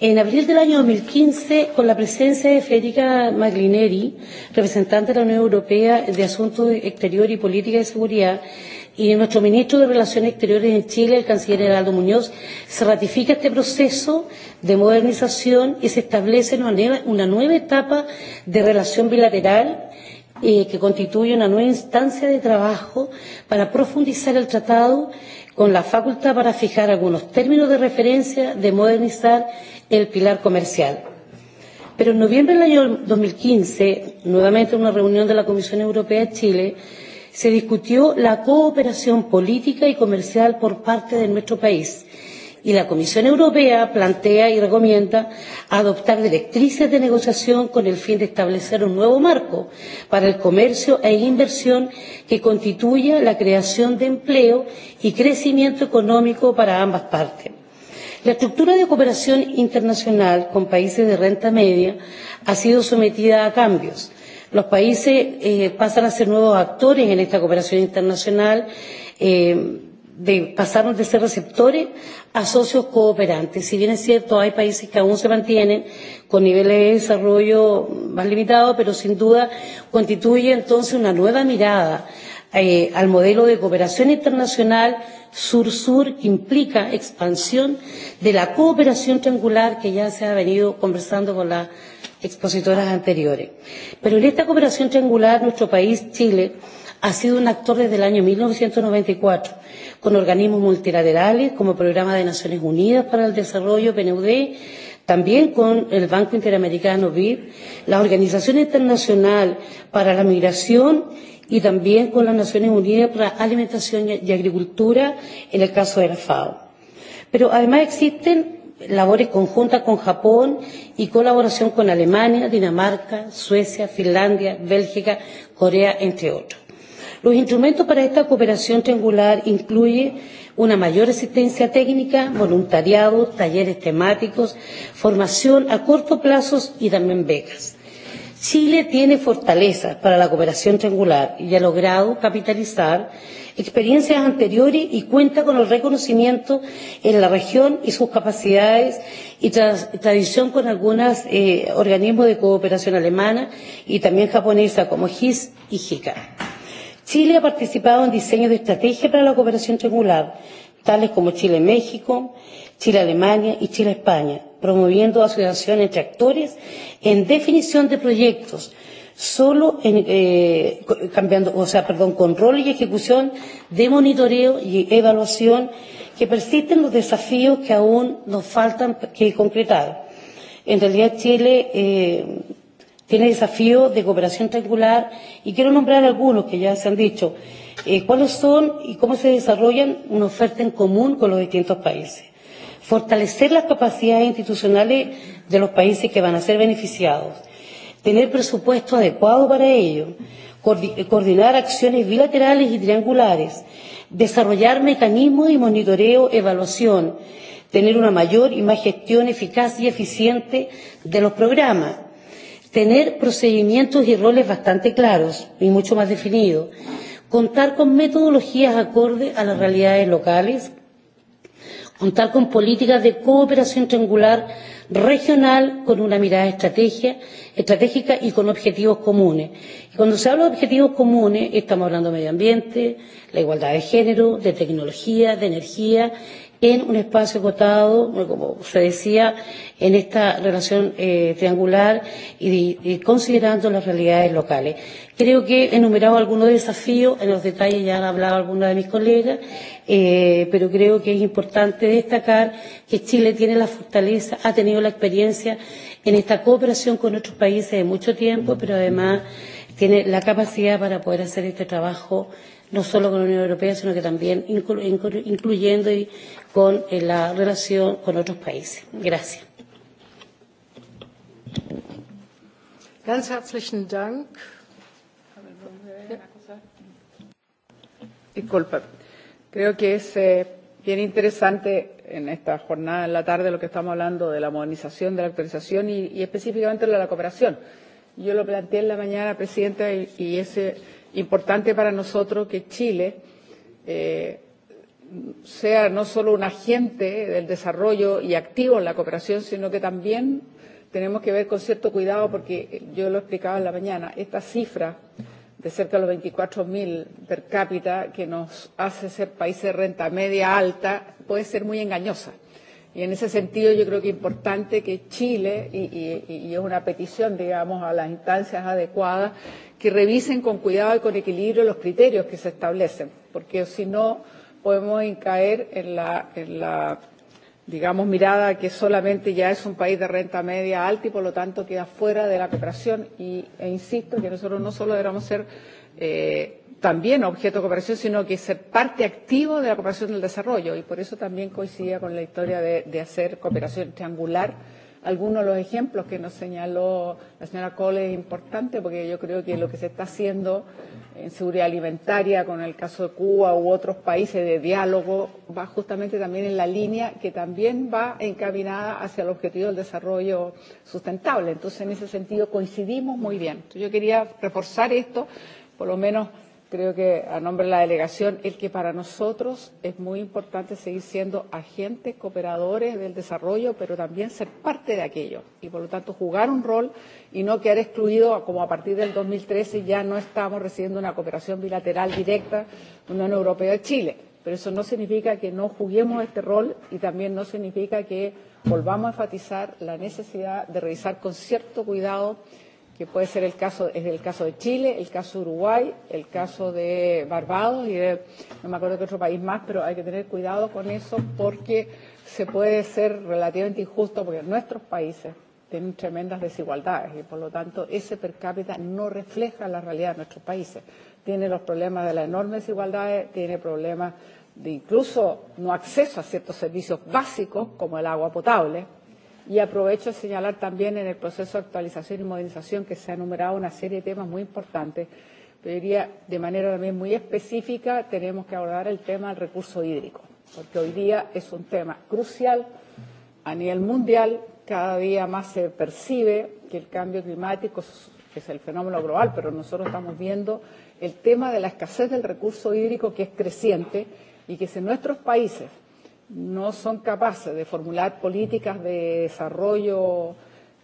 En abril del año 2015, con la presencia de Federica Maglineri, representante de la Unión Europea de Asuntos Exteriores y Política de Seguridad, Y en nuestro ministro de Relaciones Exteriores en Chile, el canciller Heraldo Muñoz, se ratifica este proceso de modernización y se establece una nueva, una nueva etapa de relación bilateral que constituye una nueva instancia de trabajo para profundizar el tratado con la facultad para fijar algunos términos de referencia de modernizar el pilar comercial. Pero en noviembre del año 2015, nuevamente en una reunión de la Comisión Europea de Chile, se discutió la cooperación política y comercial por parte de nuestro país y la Comisión Europea plantea y recomienda adoptar directrices de negociación con el fin de establecer un nuevo marco para el comercio e inversión que constituya la creación de empleo y crecimiento económico para ambas partes. La estructura de cooperación internacional con países de renta media ha sido sometida a cambios Los países pasan a ser nuevos actores en esta cooperación internacional, de pasaron de ser receptores a socios cooperantes. Si bien es cierto, hay países que aún se mantienen con niveles de desarrollo más limitados, pero sin duda constituye entonces una nueva mirada al modelo de cooperación internacional sur-sur que implica expansión de la cooperación triangular que ya se ha venido conversando con la expositoras anteriores. Pero en esta cooperación triangular nuestro país, Chile, ha sido un actor desde el año 1994, con organismos multilaterales como Programa de Naciones Unidas para el Desarrollo, PNUD, también con el Banco Interamericano, BID, la Organización Internacional para la Migración y también con las Naciones Unidas para Alimentación y Agricultura, en el caso de la FAO. Pero además existen labores conjuntas con Japón y colaboración con Alemania, Dinamarca, Suecia, Finlandia, Bélgica, Corea, entre otros. Los instrumentos para esta cooperación triangular incluyen una mayor asistencia técnica, voluntariado, talleres temáticos, formación a corto plazo y también becas. Chile tiene fortalezas para la cooperación triangular y ha logrado capitalizar experiencias anteriores y cuenta con el reconocimiento en la región y sus capacidades y tradición con algunos organismos de cooperación alemana y también japonesa como GIS y JICA. Chile ha participado en diseños de estrategia para la cooperación triangular, tales como Chile-México, Chile-Alemania y Chile-España, promoviendo asociación entre actores en definición de proyectos, solo en, eh, cambiando, o sea, perdón, control y ejecución de monitoreo y evaluación que persisten los desafíos que aún nos faltan que concretar. En realidad Chile eh, tiene desafíos de cooperación triangular y quiero nombrar algunos que ya se han dicho. Eh, ¿Cuáles son y cómo se desarrollan una oferta en común con los distintos países? Fortalecer las capacidades institucionales de los países que van a ser beneficiados tener presupuesto adecuado para ello, coordinar acciones bilaterales y triangulares, desarrollar mecanismos de monitoreo, y evaluación, tener una mayor y más gestión eficaz y eficiente de los programas, tener procedimientos y roles bastante claros y mucho más definidos, contar con metodologías acordes a las realidades locales, contar con políticas de cooperación triangular regional con una mirada estrategia, estratégica y con objetivos comunes. Y cuando se habla de objetivos comunes, estamos hablando de medio ambiente, la igualdad de género, de tecnología, de energía en un espacio acotado, como se decía, en esta relación triangular y considerando las realidades locales. Creo que he enumerado algunos desafíos, en los detalles ya han hablado algunos de mis colegas, pero creo que es importante destacar que Chile tiene la fortaleza, ha tenido la experiencia en esta cooperación con otros países de mucho tiempo, pero además tiene la capacidad para poder hacer este trabajo no solo con la Unión Europea, sino que también incluyendo y con la relación con otros países. Gracias. Ganz herzlichen Dank. Disculpa. Creo que es bien interesante en esta jornada, en la tarde, lo que estamos hablando de la modernización, de la actualización y, y específicamente de la cooperación. Yo lo planteé en la mañana, Presidenta, y, y es importante para nosotros que Chile eh, sea no solo un agente del desarrollo y activo en la cooperación, sino que también tenemos que ver con cierto cuidado, porque yo lo explicaba en la mañana, esta cifra de cerca de los 24.000 per cápita que nos hace ser países de renta media alta puede ser muy engañosa. Y en ese sentido yo creo que es importante que Chile, y, y, y es una petición, digamos, a las instancias adecuadas, que revisen con cuidado y con equilibrio los criterios que se establecen, porque si no, podemos caer en la, la digamos, mirada que solamente ya es un país de renta media alta y por lo tanto queda fuera de la cooperación. Y, e insisto que nosotros no solo debemos ser eh, también objeto de cooperación, sino que ser parte activo de la cooperación del desarrollo. Y por eso también coincidía con la historia de, de hacer cooperación triangular algunos de los ejemplos que nos señaló la señora Cole es importante porque yo creo que lo que se está haciendo en seguridad alimentaria con el caso de Cuba u otros países de diálogo va justamente también en la línea que también va encaminada hacia el objetivo del desarrollo sustentable. Entonces, en ese sentido coincidimos muy bien. Yo quería reforzar esto, por lo menos creo que a nombre de la delegación, el que para nosotros es muy importante seguir siendo agentes, cooperadores del desarrollo, pero también ser parte de aquello y, por lo tanto, jugar un rol y no quedar excluido, como a partir del 2013 ya no estamos recibiendo una cooperación bilateral directa Unión Europea de Chile. Pero eso no significa que no juguemos este rol y también no significa que volvamos a enfatizar la necesidad de revisar con cierto cuidado que puede ser el caso, es el caso de Chile, el caso de Uruguay, el caso de Barbados y de, no me acuerdo qué otro país más, pero hay que tener cuidado con eso porque se puede ser relativamente injusto porque nuestros países tienen tremendas desigualdades y por lo tanto ese per cápita no refleja la realidad de nuestros países. Tiene los problemas de las enormes desigualdades, tiene problemas de incluso no acceso a ciertos servicios básicos como el agua potable, Y aprovecho a señalar también en el proceso de actualización y modernización que se ha enumerado una serie de temas muy importantes. Pero diría, de manera también muy específica, tenemos que abordar el tema del recurso hídrico, porque hoy día es un tema crucial a nivel mundial. Cada día más se percibe que el cambio climático, es el fenómeno global, pero nosotros estamos viendo el tema de la escasez del recurso hídrico que es creciente y que si en nuestros países no son capaces de formular políticas de desarrollo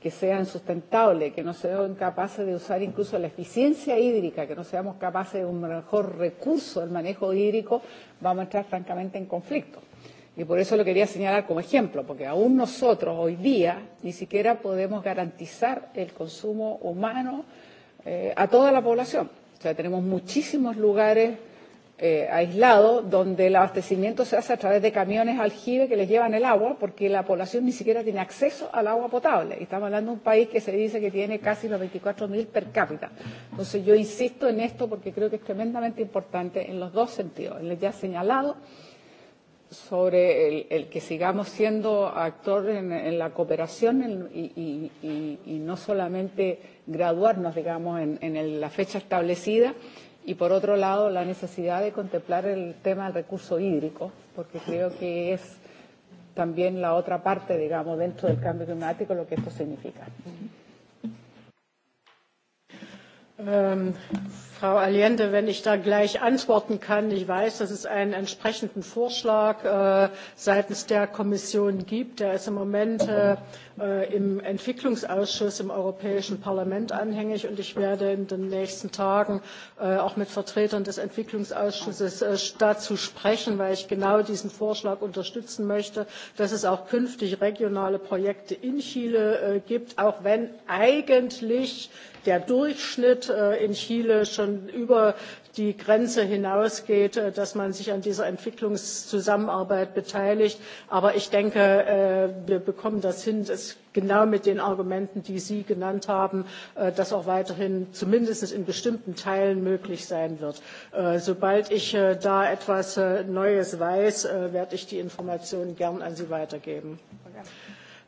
que sean sustentables, que no sean capaces de usar incluso la eficiencia hídrica, que no seamos capaces de un mejor recurso del manejo hídrico, vamos a entrar francamente en conflicto. Y por eso lo quería señalar como ejemplo, porque aún nosotros hoy día ni siquiera podemos garantizar el consumo humano a toda la población. O sea, tenemos muchísimos lugares aislado, donde el abastecimiento se hace a través de camiones aljibe que les llevan el agua, porque la población ni siquiera tiene acceso al agua potable. Estamos hablando de un país que se dice que tiene casi los 24.000 per cápita. Entonces yo insisto en esto porque creo que es tremendamente importante en los dos sentidos. les el ya señalado, sobre el, que sigamos siendo actor en, la cooperación en, y, y, y, no solamente graduarnos, digamos, en, en la fecha establecida, y por otro lado la necesidad de contemplar el tema del recurso hídrico, porque creo que es también la otra parte, digamos, dentro del cambio climático lo que esto significa. Frau Allende, wenn ich da gleich antworten kann. Ich weiß, dass es einen entsprechenden Vorschlag seitens der Kommission gibt. Der ist im Moment im Entwicklungsausschuss im Europäischen Parlament anhängig und ich werde in den nächsten Tagen auch mit Vertretern des Entwicklungsausschusses dazu sprechen, weil ich genau diesen Vorschlag unterstützen möchte, dass es auch künftig regionale Projekte in Chile gibt, auch wenn eigentlich der Durchschnitt in Chile schon über die Grenze hinausgeht, dass man sich an dieser Entwicklungszusammenarbeit beteiligt. Aber ich denke, wir bekommen das hin, genau mit den Argumenten, die Sie genannt haben, das auch weiterhin zumindest in bestimmten Teilen möglich sein wird. Sobald ich da etwas Neues weiß, werde ich die Informationen gern an Sie weitergeben.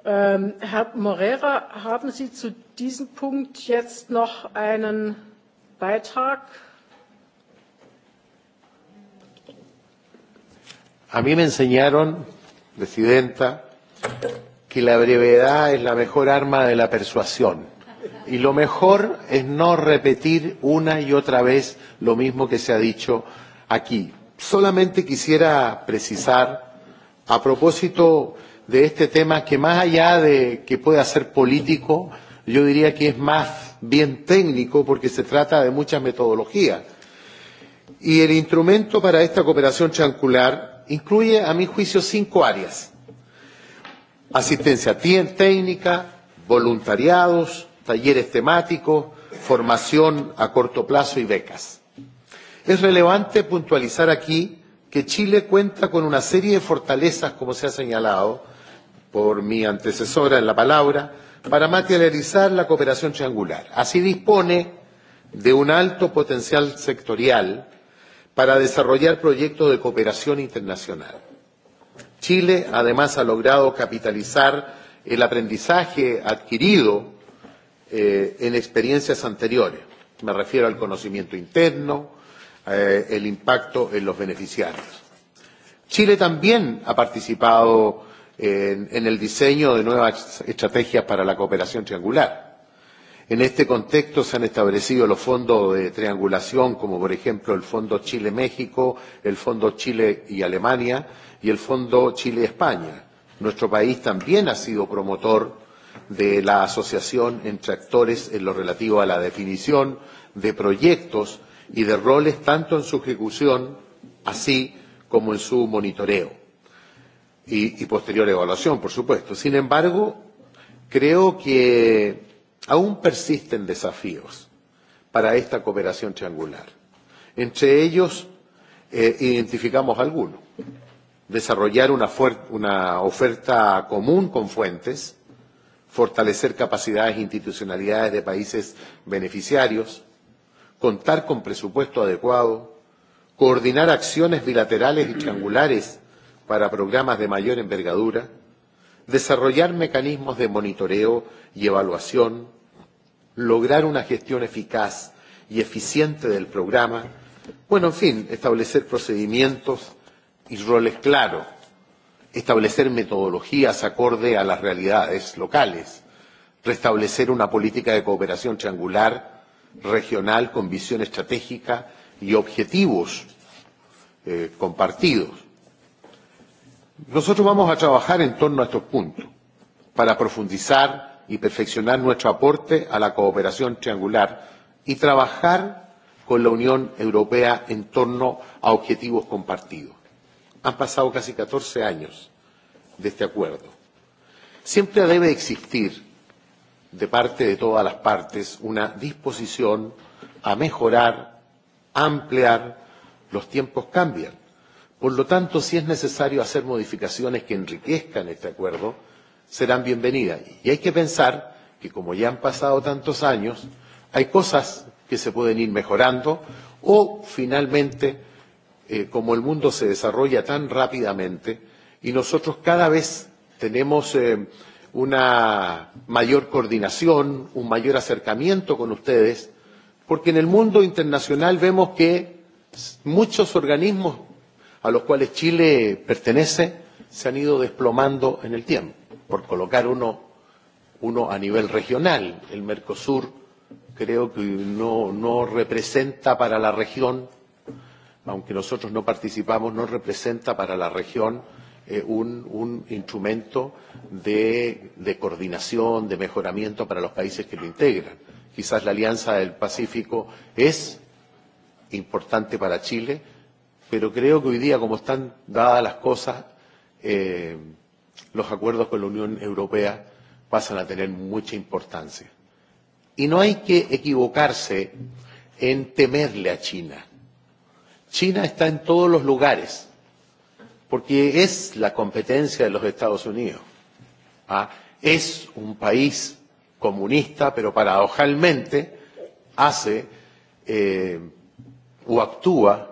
Herr Moreira, haben Sie zu diesem Punkt jetzt noch einen Beitrag? A mí me enseñaron, Presidenta, que la brevedad es la mejor arma de la persuasión. Y lo mejor es no repetir una y otra vez lo mismo que se ha dicho aquí. Solamente quisiera precisar, a propósito de este tema que más allá de que pueda ser político, yo diría que es más bien técnico porque se trata de muchas metodologías. Y el instrumento para esta cooperación triangular incluye, a mi juicio, cinco áreas. Asistencia técnica, voluntariados, talleres temáticos, formación a corto plazo y becas. Es relevante puntualizar aquí que Chile cuenta con una serie de fortalezas, como se ha señalado, por mi antecesora en la palabra, para materializar la cooperación triangular. Así dispone de un alto potencial sectorial para desarrollar proyectos de cooperación internacional. Chile, además, ha logrado capitalizar el aprendizaje adquirido en experiencias anteriores. Me refiero al conocimiento interno, el impacto en los beneficiarios. Chile también ha participado en el diseño de nuevas estrategias para la cooperación triangular. En este contexto se han establecido los fondos de triangulación, como por ejemplo el Fondo Chile-México, el Fondo Chile y Alemania y el Fondo Chile-España. Nuestro país también ha sido promotor de la asociación entre actores en lo relativo a la definición de proyectos y de roles tanto en su ejecución así como en su monitoreo y, y posterior evaluación, por supuesto. Sin embargo, creo que aún persisten desafíos para esta cooperación triangular. Entre ellos, identificamos algunos. Desarrollar una, una oferta común con fuentes, fortalecer capacidades e institucionalidades de países beneficiarios, contar con presupuesto adecuado, coordinar acciones bilaterales y triangulares para programas de mayor envergadura, desarrollar mecanismos de monitoreo y evaluación, lograr una gestión eficaz y eficiente del programa, bueno, en fin, establecer procedimientos y roles claros, establecer metodologías acorde a las realidades locales, restablecer una política de cooperación triangular regional con visión estratégica y objetivos compartidos Nosotros vamos a trabajar en torno a estos puntos para profundizar y perfeccionar nuestro aporte a la cooperación triangular y trabajar con la Unión Europea en torno a objetivos compartidos. Han pasado casi 14 años de este acuerdo. Siempre debe existir, de parte de todas las partes, una disposición a mejorar, ampliar. Los tiempos cambian Por lo tanto, si es necesario hacer modificaciones que enriquezcan este acuerdo, serán bienvenidas. Y hay que pensar que, como ya han pasado tantos años, hay cosas que se pueden ir mejorando o, finalmente, como el mundo se desarrolla tan rápidamente y nosotros cada vez tenemos una mayor coordinación, un mayor acercamiento con ustedes, porque en el mundo internacional vemos que muchos organismos a los cuales Chile pertenece, se han ido desplomando en el tiempo. Por colocar uno, uno a nivel regional, el Mercosur creo que no, no representa para la región, aunque nosotros no participamos, no representa para la región un, un instrumento de, de coordinación, de mejoramiento para los países que lo integran. Quizás la Alianza del Pacífico es importante para Chile, Pero creo que hoy día, como están dadas las cosas, eh, los acuerdos con la Unión Europea pasan a tener mucha importancia. Y no hay que equivocarse en temerle a China. China está en todos los lugares, porque es la competencia de los Estados Unidos. ¿Ah? Es un país comunista, pero paradojalmente hace eh, o actúa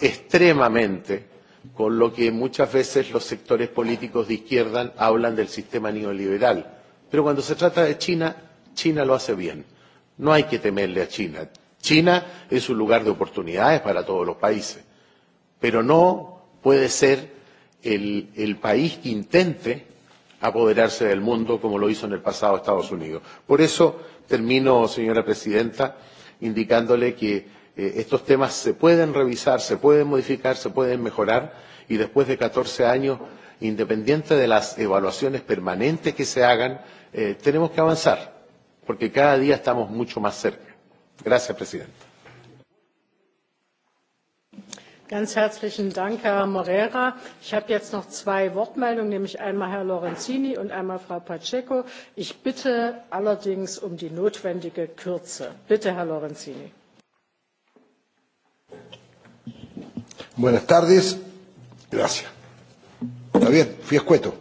extremamente con lo que muchas veces los sectores políticos de izquierda hablan del sistema neoliberal. Pero cuando se trata de China, China lo hace bien. No hay que temerle a China. China es un lugar de oportunidades para todos los países. Pero no puede ser el, el país que intente apoderarse del mundo como lo hizo en el pasado Estados Unidos. Por eso termino, señora presidenta, indicándole que estos temas se pueden revisar, se pueden modificar, se pueden mejorar y después de 14 años, independiente de las evaluaciones permanentes que se hagan, tenemos que avanzar, porque cada día estamos mucho más cerca. Gracias, Presidenta. Ganz herzlichen Dank, Herr Morera. Ich habe jetzt noch zwei Wortmeldungen, nämlich einmal Herr Lorenzini und einmal Frau Pacheco. Ich bitte allerdings um die notwendige Kürze. Bitte, Herr Lorenzini. Buenas tardes. Gracias. Está bien, fui escueto.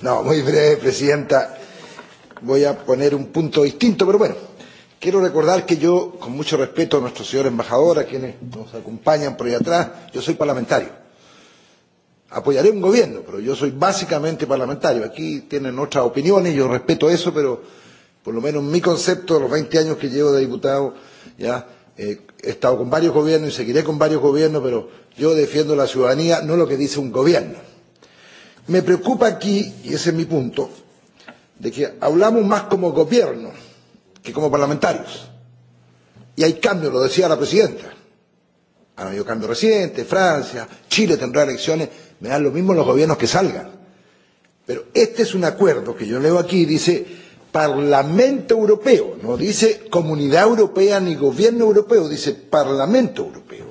No, muy breve, Presidenta. Voy a poner un punto distinto, pero bueno. Quiero recordar que yo, con mucho respeto a nuestro señor embajador, a quienes nos acompañan por ahí atrás, yo soy parlamentario. Apoyaré un gobierno, pero yo soy básicamente parlamentario. Aquí tienen otras opiniones, yo respeto eso, pero por lo menos mi concepto de los 20 años que llevo de diputado, ya eh, he estado con varios gobiernos y seguiré con varios gobiernos, pero yo defiendo la ciudadanía, no lo que dice un gobierno. Me preocupa aquí, y ese es mi punto, de que hablamos más como gobierno que como parlamentarios. Y hay cambios, lo decía la presidenta. Han habido cambios recientes, Francia, Chile tendrá elecciones, me dan lo mismo los gobiernos que salgan. Pero este es un acuerdo que yo leo aquí, dice Parlamento Europeo, no dice Comunidad Europea ni Gobierno Europeo, dice Parlamento Europeo.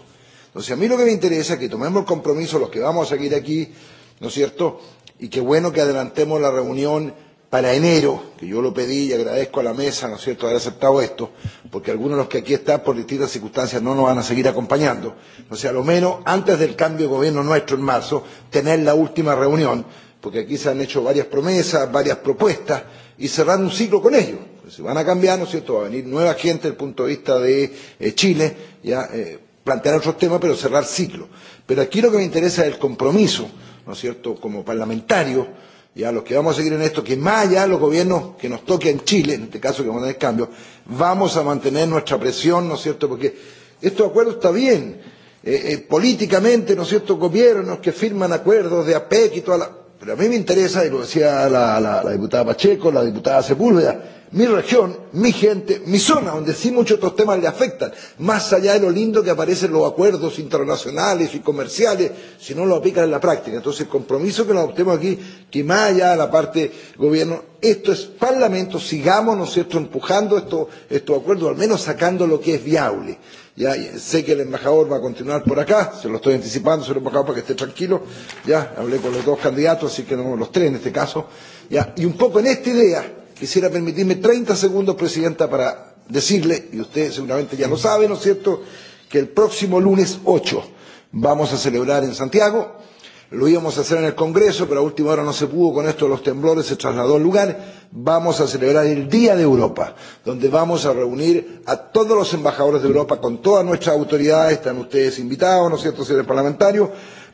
Entonces, a mí lo que me interesa es que tomemos el compromiso, los que vamos a seguir aquí, ¿no es cierto? Y qué bueno que adelantemos la reunión para enero, que yo lo pedí y agradezco a la mesa, ¿no es cierto?, haber aceptado esto, porque algunos de los que aquí están por distintas circunstancias no nos van a seguir acompañando. O sea, a lo menos antes del cambio de gobierno nuestro en marzo, tener la última reunión porque aquí se han hecho varias promesas, varias propuestas, y cerrar un ciclo con ellos. Si van a cambiar, ¿no es cierto? Va a venir nueva gente desde el punto de vista de Chile, ya plantear otros temas, pero cerrar ciclo. Pero aquí lo que me interesa es el compromiso, ¿no es cierto?, como parlamentario, ya los que vamos a seguir en esto, que más allá de los gobiernos que nos toquen en Chile, en este caso que vamos a tener cambio, vamos a mantener nuestra presión, ¿no es cierto?, porque estos acuerdos está bien. Políticamente, ¿no es cierto?, gobiernos que firman acuerdos de APEC y toda la Pero a mí me interesa, y lo decía la, la, la diputada Pacheco, la diputada Sepúlveda, mi región, mi gente, mi zona, donde sí muchos otros temas le afectan, más allá de lo lindo que aparecen los acuerdos internacionales y comerciales, si no lo aplican en la práctica. Entonces, el compromiso que nos adoptemos aquí, que más allá de la parte gobierno, esto es parlamento, sigamos, nosotros empujando estos, estos acuerdos, al menos sacando lo que es viable. Ya sé que el embajador va a continuar por acá, se lo estoy anticipando, señor embajador, para que esté tranquilo. Ya hablé con los dos candidatos, así que no, los tres en este caso. Ya, y un poco en esta idea, quisiera permitirme 30 segundos, Presidenta, para decirle, y usted seguramente ya lo sabe, ¿no es cierto?, que el próximo lunes 8 vamos a celebrar en Santiago Lo íbamos a hacer en el Congreso, pero a última hora no se pudo. Con esto los temblores se trasladó al lugar. Vamos a celebrar el Día de Europa, donde vamos a reunir a todos los embajadores de Europa con todas nuestras autoridades. Están ustedes invitados, ¿no es cierto?, señores parlamentarios,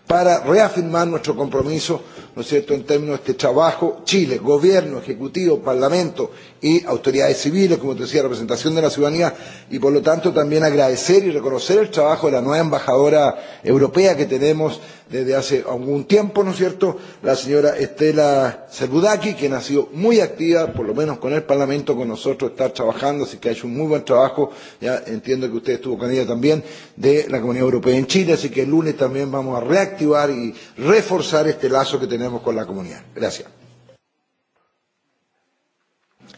para reafirmar nuestro compromiso ¿no es cierto?, en términos de este trabajo, Chile, gobierno, ejecutivo, parlamento y autoridades civiles, como te decía, representación de la ciudadanía, y por lo tanto también agradecer y reconocer el trabajo de la nueva embajadora europea que tenemos desde hace algún tiempo, ¿no es cierto?, la señora Estela Serbudaki, que ha sido muy activa, por lo menos con el Parlamento, con nosotros, está trabajando, así que ha hecho un muy buen trabajo, ya entiendo que usted estuvo con ella también, de la Comunidad Europea en Chile, así que el lunes también vamos a reactivar y reforzar este lazo que tenemos tenemos con la Gracias.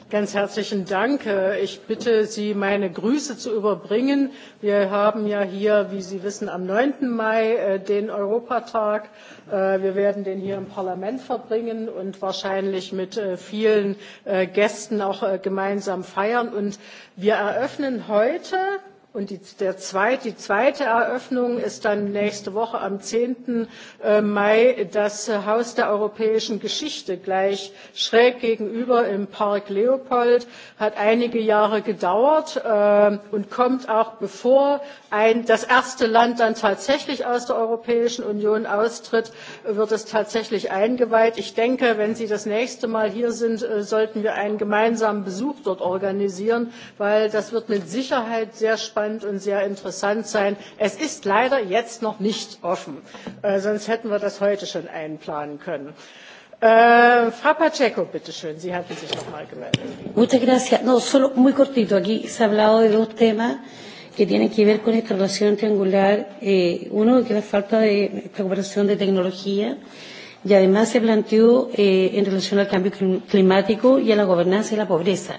Ganz herzlichen Dank. Ich bitte Sie, meine Grüße zu überbringen. Wir haben ja hier, wie Sie wissen, am 9. Mai den Europatag. Wir werden den hier im Parlament verbringen und wahrscheinlich mit vielen Gästen auch gemeinsam feiern. Und wir eröffnen heute Und die, zweite Eröffnung ist dann nächste Woche am 10. Mai das Haus der europäischen Geschichte gleich schräg gegenüber im Park Leopold. Hat einige Jahre gedauert und kommt auch bevor das erste Land dann tatsächlich aus der Europäischen Union austritt, wird es tatsächlich eingeweiht. Ich denke, wenn Sie das nächste Mal hier sind, sollten wir einen gemeinsamen Besuch dort organisieren, weil das wird mit Sicherheit sehr spannend spannend und sehr interessant sein. Es ist leider jetzt noch nicht offen, sonst hätten wir das heute schon einplanen können. Frau Pacheco, bitte schön, Sie hatten sich noch mal gemeldet. Muchas gracias. No, solo muy cortito. Aquí se ha hablado de dos temas que tienen que ver con esta relación triangular. Eh, uno, que la falta de cooperación de tecnología y además se planteó eh, en relación al cambio climático y a la gobernanza y la pobreza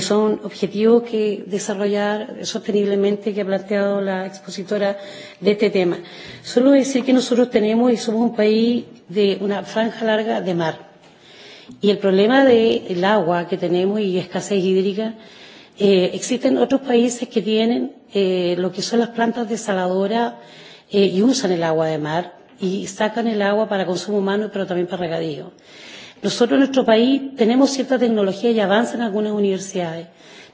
son objetivos que desarrollar sosteniblemente que ha planteado la expositora de este tema. Solo decir que nosotros tenemos y somos un país de una franja larga de mar. Y el problema del agua que tenemos y escasez hídrica, eh, existen otros países que tienen eh, lo que son las plantas desaladoras eh, y usan el agua de mar y sacan el agua para consumo humano pero también para regadío. Nosotros en nuestro país tenemos cierta tecnología y avanza en algunas universidades,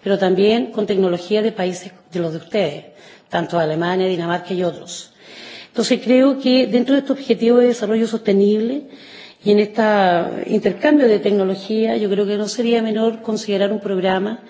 pero también con tecnología de países de los de ustedes, tanto Alemania, Dinamarca y otros. Entonces creo que dentro de este objetivo de desarrollo sostenible y en este intercambio de tecnología yo creo que no sería menor considerar un programa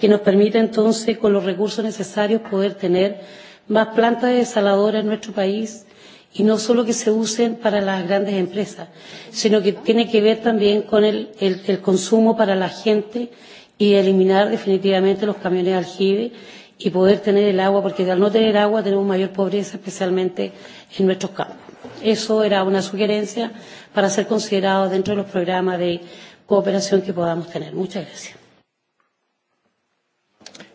que nos permita entonces con los recursos necesarios poder tener más plantas desaladoras en nuestro país y no solo que se usen para las grandes empresas, sino que tiene que ver también con el, el, consumo para la gente y eliminar definitivamente los camiones de aljibe y poder tener el agua, porque al no tener agua tenemos mayor pobreza, especialmente en nuestros campos. Eso era una sugerencia para ser considerado dentro de los programas de cooperación que podamos tener. Muchas gracias.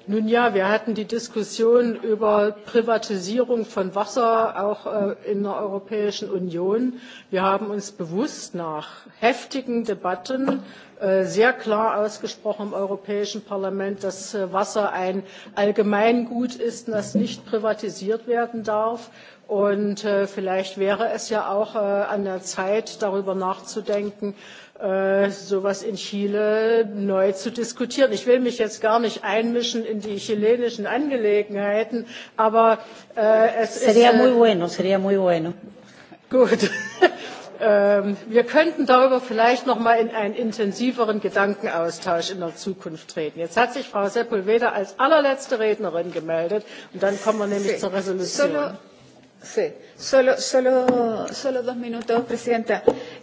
Nun ja, wir hatten die Diskussion über Privatisierung von Wasser auch in der Europäischen Union. Wir haben uns bewusst nach heftigen Debatten sehr klar ausgesprochen im Europäischen Parlament, dass Wasser ein Allgemeingut ist und das nicht privatisiert werden darf. Und vielleicht wäre es ja auch an der Zeit, darüber nachzudenken, so sowas in Chile neu zu diskutieren. Ich will mich jetzt gar nicht einmischen in die chilenischen Angelegenheiten, aber es ist. Sería muy bueno, sería muy bueno. Gut. Wir könnten darüber vielleicht noch mal in einen intensiveren Gedankenaustausch in der Zukunft treten. Jetzt hat sich Frau Sepulveda als allerletzte Rednerin gemeldet und dann kommen wir nämlich zur Resolution. Solo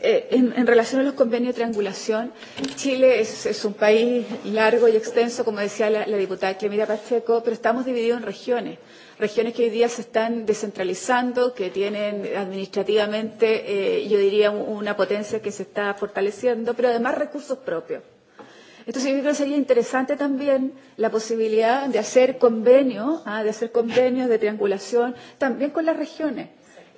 En relación a los convenios de triangulación, Chile es un país largo y extenso, como decía la diputada Clemira Pacheco, pero estamos divididos en regiones regiones que hoy día se están descentralizando, que tienen administrativamente, yo diría, una potencia que se está fortaleciendo, pero además recursos propios. Entonces yo creo que sería interesante también la posibilidad de hacer convenios, de hacer convenios de triangulación también con las regiones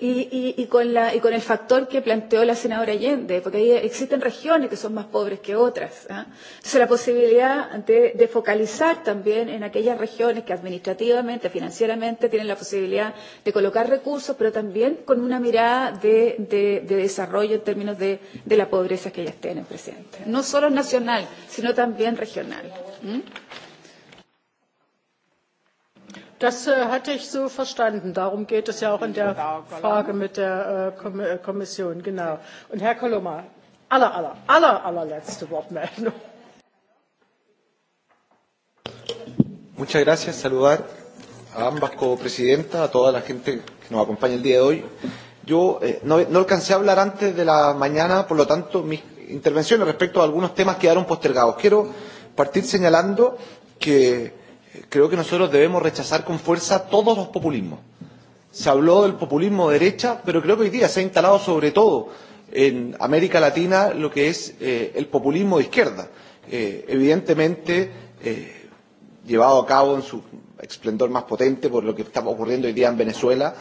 y, y, con la, y con el factor que planteó la senadora Allende, porque ahí existen regiones que son más pobres que otras. Entonces, la posibilidad de, de focalizar también en aquellas regiones que administrativamente, financieramente, tienen la posibilidad de colocar recursos, pero también con una mirada de, de, de desarrollo en términos de, de la pobreza que ellas tienen presente. No solo nacional, sino también regional. Das hatte ich so verstanden. Darum geht es ja auch in der Frage mit der Kommission. Genau. Und Herr Koloma, aller, aller, aller, allerletzte Wortmeldung. Muchas gracias. Saludar a ambas copresidentas, a toda la gente que nos acompaña el día de hoy. Yo no alcancé a hablar antes de la mañana, por lo tanto, mis intervenciones respecto a algunos temas quedaron postergados. Quiero partir señalando que creo que nosotros debemos rechazar con fuerza todos los populismos. Se habló del populismo de derecha, pero creo que hoy día se ha instalado sobre todo en América Latina lo que es el populismo de izquierda. Evidentemente, llevado a cabo en su esplendor más potente por lo que está ocurriendo hoy día en Venezuela,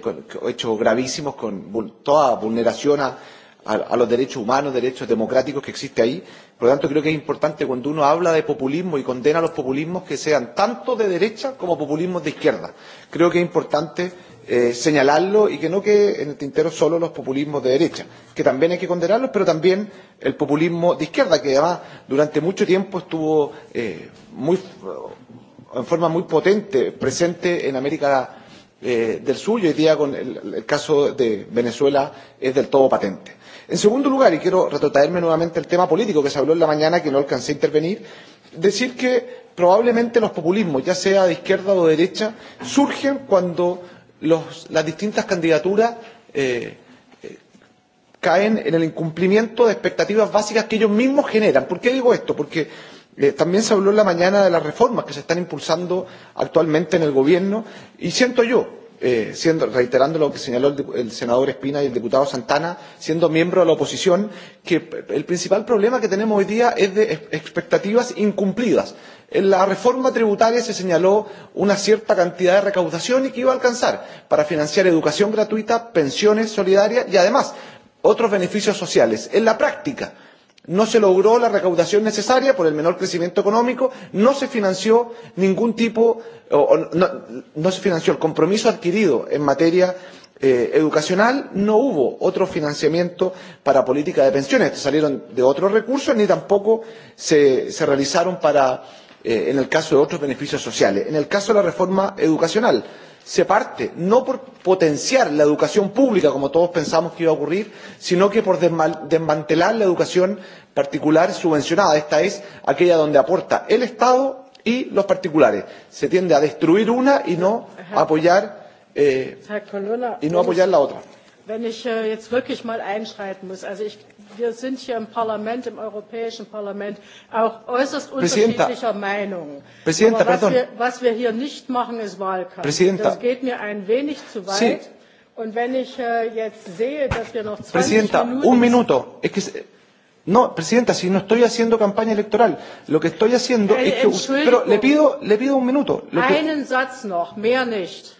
con hechos gravísimos con toda vulneración a a los derechos humanos, derechos democráticos que existe ahí. Por lo tanto, creo que es importante cuando uno habla de populismo y condena a los populismos que sean tanto de derecha como populismos de izquierda. Creo que es importante señalarlo y que no quede en el tintero solo los populismos de derecha, que también hay que condenarlos, pero también el populismo de izquierda, que además durante mucho tiempo estuvo muy, en forma muy potente presente en América del Sur y hoy día con el caso de Venezuela es del todo patente. En segundo lugar, y quiero retrotraerme nuevamente al tema político que se habló en la mañana, que no alcancé a intervenir, decir que probablemente los populismos, ya sea de izquierda o de derecha, surgen cuando los, las distintas candidaturas eh, caen en el incumplimiento de expectativas básicas que ellos mismos generan. ¿Por qué digo esto? Porque También se habló en la mañana de las reformas que se están impulsando actualmente en el Gobierno y siento yo siendo, reiterando lo que señaló el senador Espina y el diputado Santana, siendo miembro de la oposición, que el principal problema que tenemos hoy día es de expectativas incumplidas. En la reforma tributaria se señaló una cierta cantidad de recaudación y que iba a alcanzar para financiar educación gratuita, pensiones solidarias y además otros beneficios sociales. En la práctica, no se logró la recaudación necesaria por el menor crecimiento económico, no se financió ningún tipo, no se financió el compromiso adquirido en materia educacional, no hubo otro financiamiento para política de pensiones, salieron de otros recursos, ni tampoco se realizaron para, en el caso de otros beneficios sociales. En el caso de la reforma educacional, se parte no por potenciar la educación pública, como todos pensamos que iba a ocurrir, sino que por desmantelar la educación particular subvencionada. Esta es aquella donde aporta el Estado y los particulares. Se tiende a destruir una y no apoyar, y no apoyar la otra wenn ich jetzt wirklich mal einschreiten muss. Also ich, wir sind hier im Parlament, im Europäischen Parlament, auch äußerst unterschiedlicher Meinung. was, wir, was wir hier nicht machen, ist Wahlkampf. Das geht mir ein wenig zu weit. Und wenn ich jetzt sehe, dass wir noch 20 Presidenta, Minuten... un minuto. Es que, no, Presidenta, si no estoy haciendo campaña electoral, lo que estoy haciendo es que... Pero le pido, le pido un minuto. Lo que... Einen Satz noch, mehr nicht.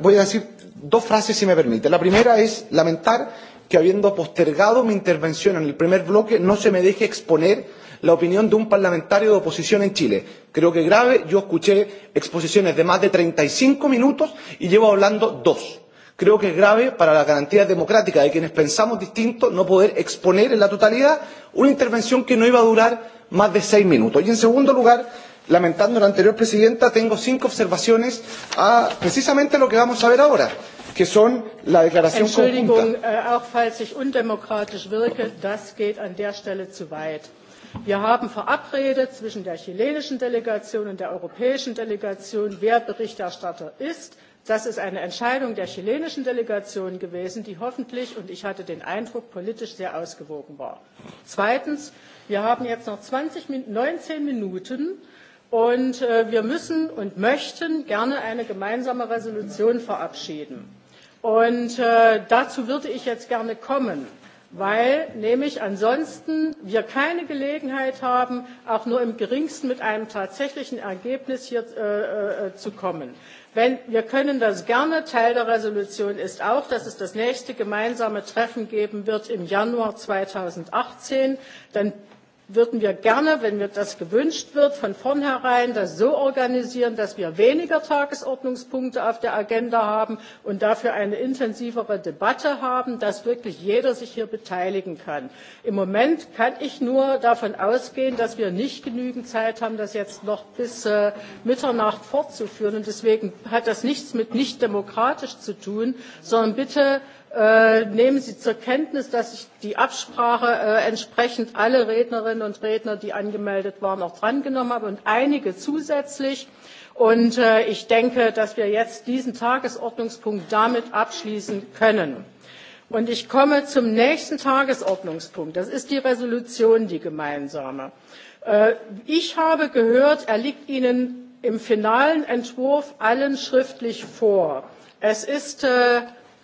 Voy a decir dos frases, si me permite. La primera es lamentar que, habiendo postergado mi intervención en el primer bloque, no se me deje exponer la opinión de un parlamentario de oposición en Chile. Creo que grave. Yo escuché exposiciones de más de 35 minutos y llevo hablando dos. Creo que es grave para las garantías democráticas de quienes pensamos distinto no poder exponer en la totalidad una intervención que no iba a durar más de seis minutos. Y en segundo lugar, lamentando la anterior presidenta, tengo cinco observaciones a precisamente lo que vamos a ver ahora, que son la declaración Entschuldigung, auch falls ich undemokratisch wirke, das geht an der Stelle zu weit. Wir haben verabredet zwischen der chilenischen Delegation und der europäischen Delegation, wer Berichterstatter ist. Das ist eine Entscheidung der chilenischen Delegation gewesen, die hoffentlich, und ich hatte den Eindruck, politisch sehr ausgewogen war. Zweitens, wir haben jetzt noch 19 Minuten Und wir müssen und möchten gerne eine gemeinsame Resolution verabschieden. Und dazu würde ich jetzt gerne kommen, weil nämlich ansonsten wir keine Gelegenheit haben, auch nur im geringsten mit einem tatsächlichen Ergebnis hier zu kommen. Wenn, wir können das gerne. Teil der Resolution ist auch, dass es das nächste gemeinsame Treffen geben wird im Januar 2018. Dann würden wir gerne, wenn mir das gewünscht wird, von vornherein das so organisieren, dass wir weniger Tagesordnungspunkte auf der Agenda haben und dafür eine intensivere Debatte haben, dass wirklich jeder sich hier beteiligen kann. Im Moment kann ich nur davon ausgehen, dass wir nicht genügend Zeit haben, das jetzt noch bis Mitternacht fortzuführen. deswegen hat das nichts mit nicht demokratisch zu tun, sondern bitte nehmen Sie zur Kenntnis, dass ich die Absprache entsprechend alle Rednerinnen und Redner, die angemeldet waren, auch drangenommen habe und einige zusätzlich. Und ich denke, dass wir jetzt diesen Tagesordnungspunkt damit abschließen können. Und ich komme zum nächsten Tagesordnungspunkt. Das ist die Resolution, die gemeinsame. Ich habe gehört, er liegt Ihnen im finalen Entwurf allen schriftlich vor. Es ist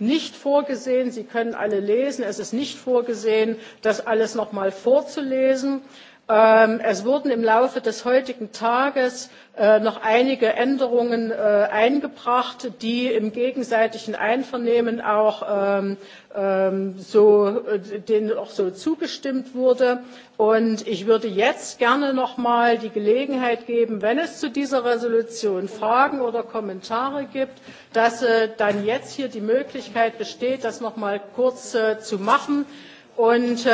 nicht vorgesehen. Sie können alle lesen. Es ist nicht vorgesehen, das alles noch einmal vorzulesen. Es wurden im Laufe des heutigen Tages noch einige Änderungen eingebracht, die im gegenseitigen Einvernehmen auch so zugestimmt wurde. Und ich würde jetzt gerne noch mal die Gelegenheit geben, wenn es zu dieser Entschließung Fragen oder Kommentare gibt, dass dann jetzt hier die Möglichkeit besteht, das noch einmal kurz zu machen Und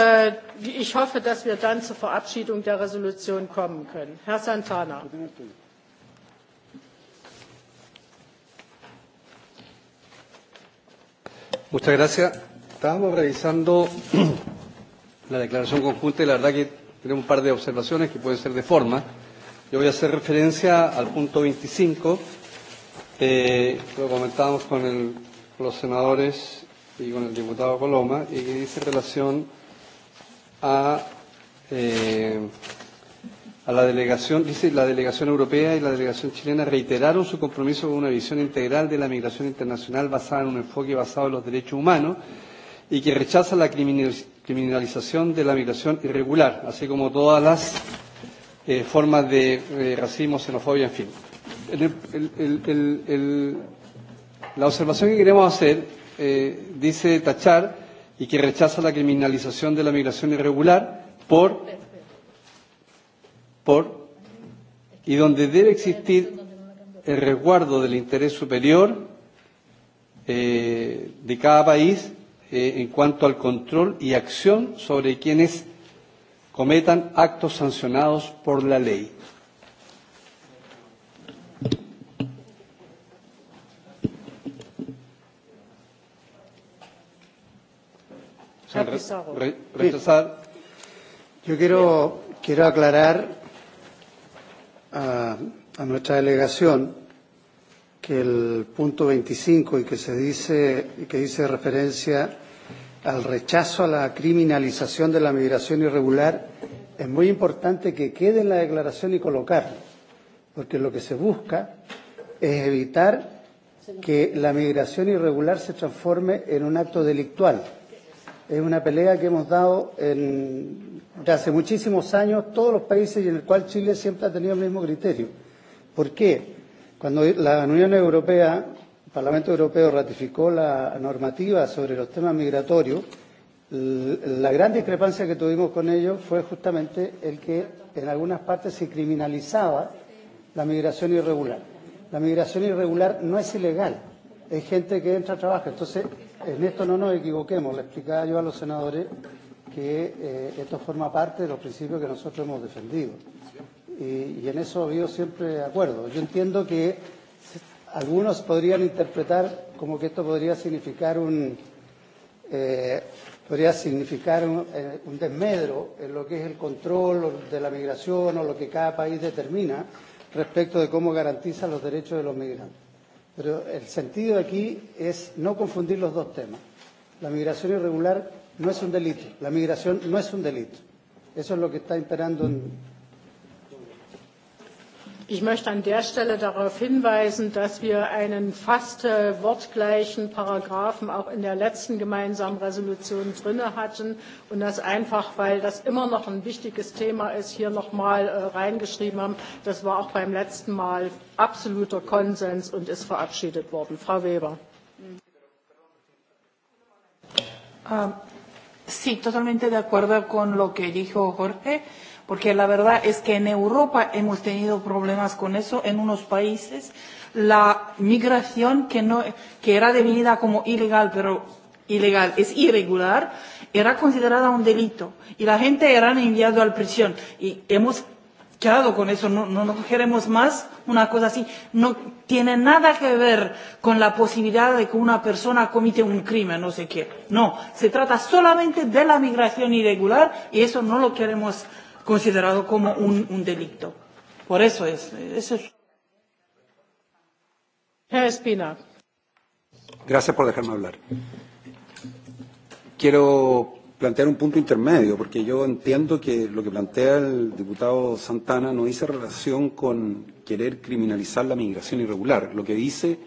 ich hoffe, dass wir dann zur Verabschiedung der Resolution kommen können. Herr Santana. Muchas gracias. Estábamos revisando la declaración conjunta y la verdad que tenemos un par de observaciones que pueden ser de forma. Yo voy a hacer referencia al punto 25. Eh, lo comentábamos con, con los senadores y con el diputado Coloma y que dice relación a eh, a la delegación, dice la delegación europea y la delegación chilena reiteraron su compromiso con una visión integral de la migración internacional basada en un enfoque basado en los derechos humanos y que rechaza la criminalización de la migración irregular, así como todas las eh, formas de racismo, xenofobia, en fin. El, el, el, el, la observación que queremos hacer dice tachar y que rechaza la criminalización de la migración irregular por por y donde debe existir el resguardo del interés superior eh de cada país en cuanto al control y acción sobre quienes cometan actos sancionados por la ley. rechazar. Yo quiero, quiero aclarar a, a nuestra delegación que el punto 25 y que se dice y que dice referencia al rechazo a la criminalización de la migración irregular es muy importante que quede en la declaración y colocarlo, porque lo que se busca es evitar que la migración irregular se transforme en un acto delictual es una pelea que hemos dado en, de hace muchísimos años todos los países y en el cual Chile siempre ha tenido el mismo criterio. ¿Por qué? Cuando la Unión Europea, el Parlamento Europeo ratificó la normativa sobre los temas migratorios, la gran discrepancia que tuvimos con ellos fue justamente el que en algunas partes se criminalizaba la migración irregular. La migración irregular no es ilegal, es gente que entra a trabajo. Entonces, en esto no nos equivoquemos. Le explicaba yo a los senadores que eh, esto forma parte de los principios que nosotros hemos defendido. Y, y en eso yo siempre de acuerdo. Yo entiendo que algunos podrían interpretar como que esto podría significar un, eh, podría significar un, un desmedro en lo que es el control de la migración o lo que cada país determina respecto de cómo garantiza los derechos de los migrantes. Pero el sentido de aquí es no confundir los dos temas. La migración irregular no es un delito. La migración no es un delito. Eso es lo que está imperando en Ich möchte an der Stelle darauf hinweisen, dass wir einen fast wortgleichen Paragraphen auch in der letzten gemeinsamen Resolution drin hatten und das einfach, weil das immer noch ein wichtiges Thema ist, hier noch nochmal reingeschrieben haben. Das war auch beim letzten Mal absoluter Konsens und ist verabschiedet worden. Frau Weber. totalmente de acuerdo con lo que dijo porque la verdad es que en Europa hemos tenido problemas con eso, en unos países la migración que, no, que era definida como ilegal, pero ilegal es irregular, era considerada un delito y la gente era enviada a la prisión y hemos quedado con eso, no, no, no queremos más una cosa así. No tiene nada que ver con la posibilidad de que una persona comite un crimen, no sé qué. No, se trata solamente de la migración irregular y eso no lo queremos considerado como un, un delito. Por eso es. Gracias por dejarme hablar. Quiero plantear un punto intermedio, porque yo entiendo que lo que plantea el diputado Santana no dice relación con querer criminalizar la migración irregular. Lo que dice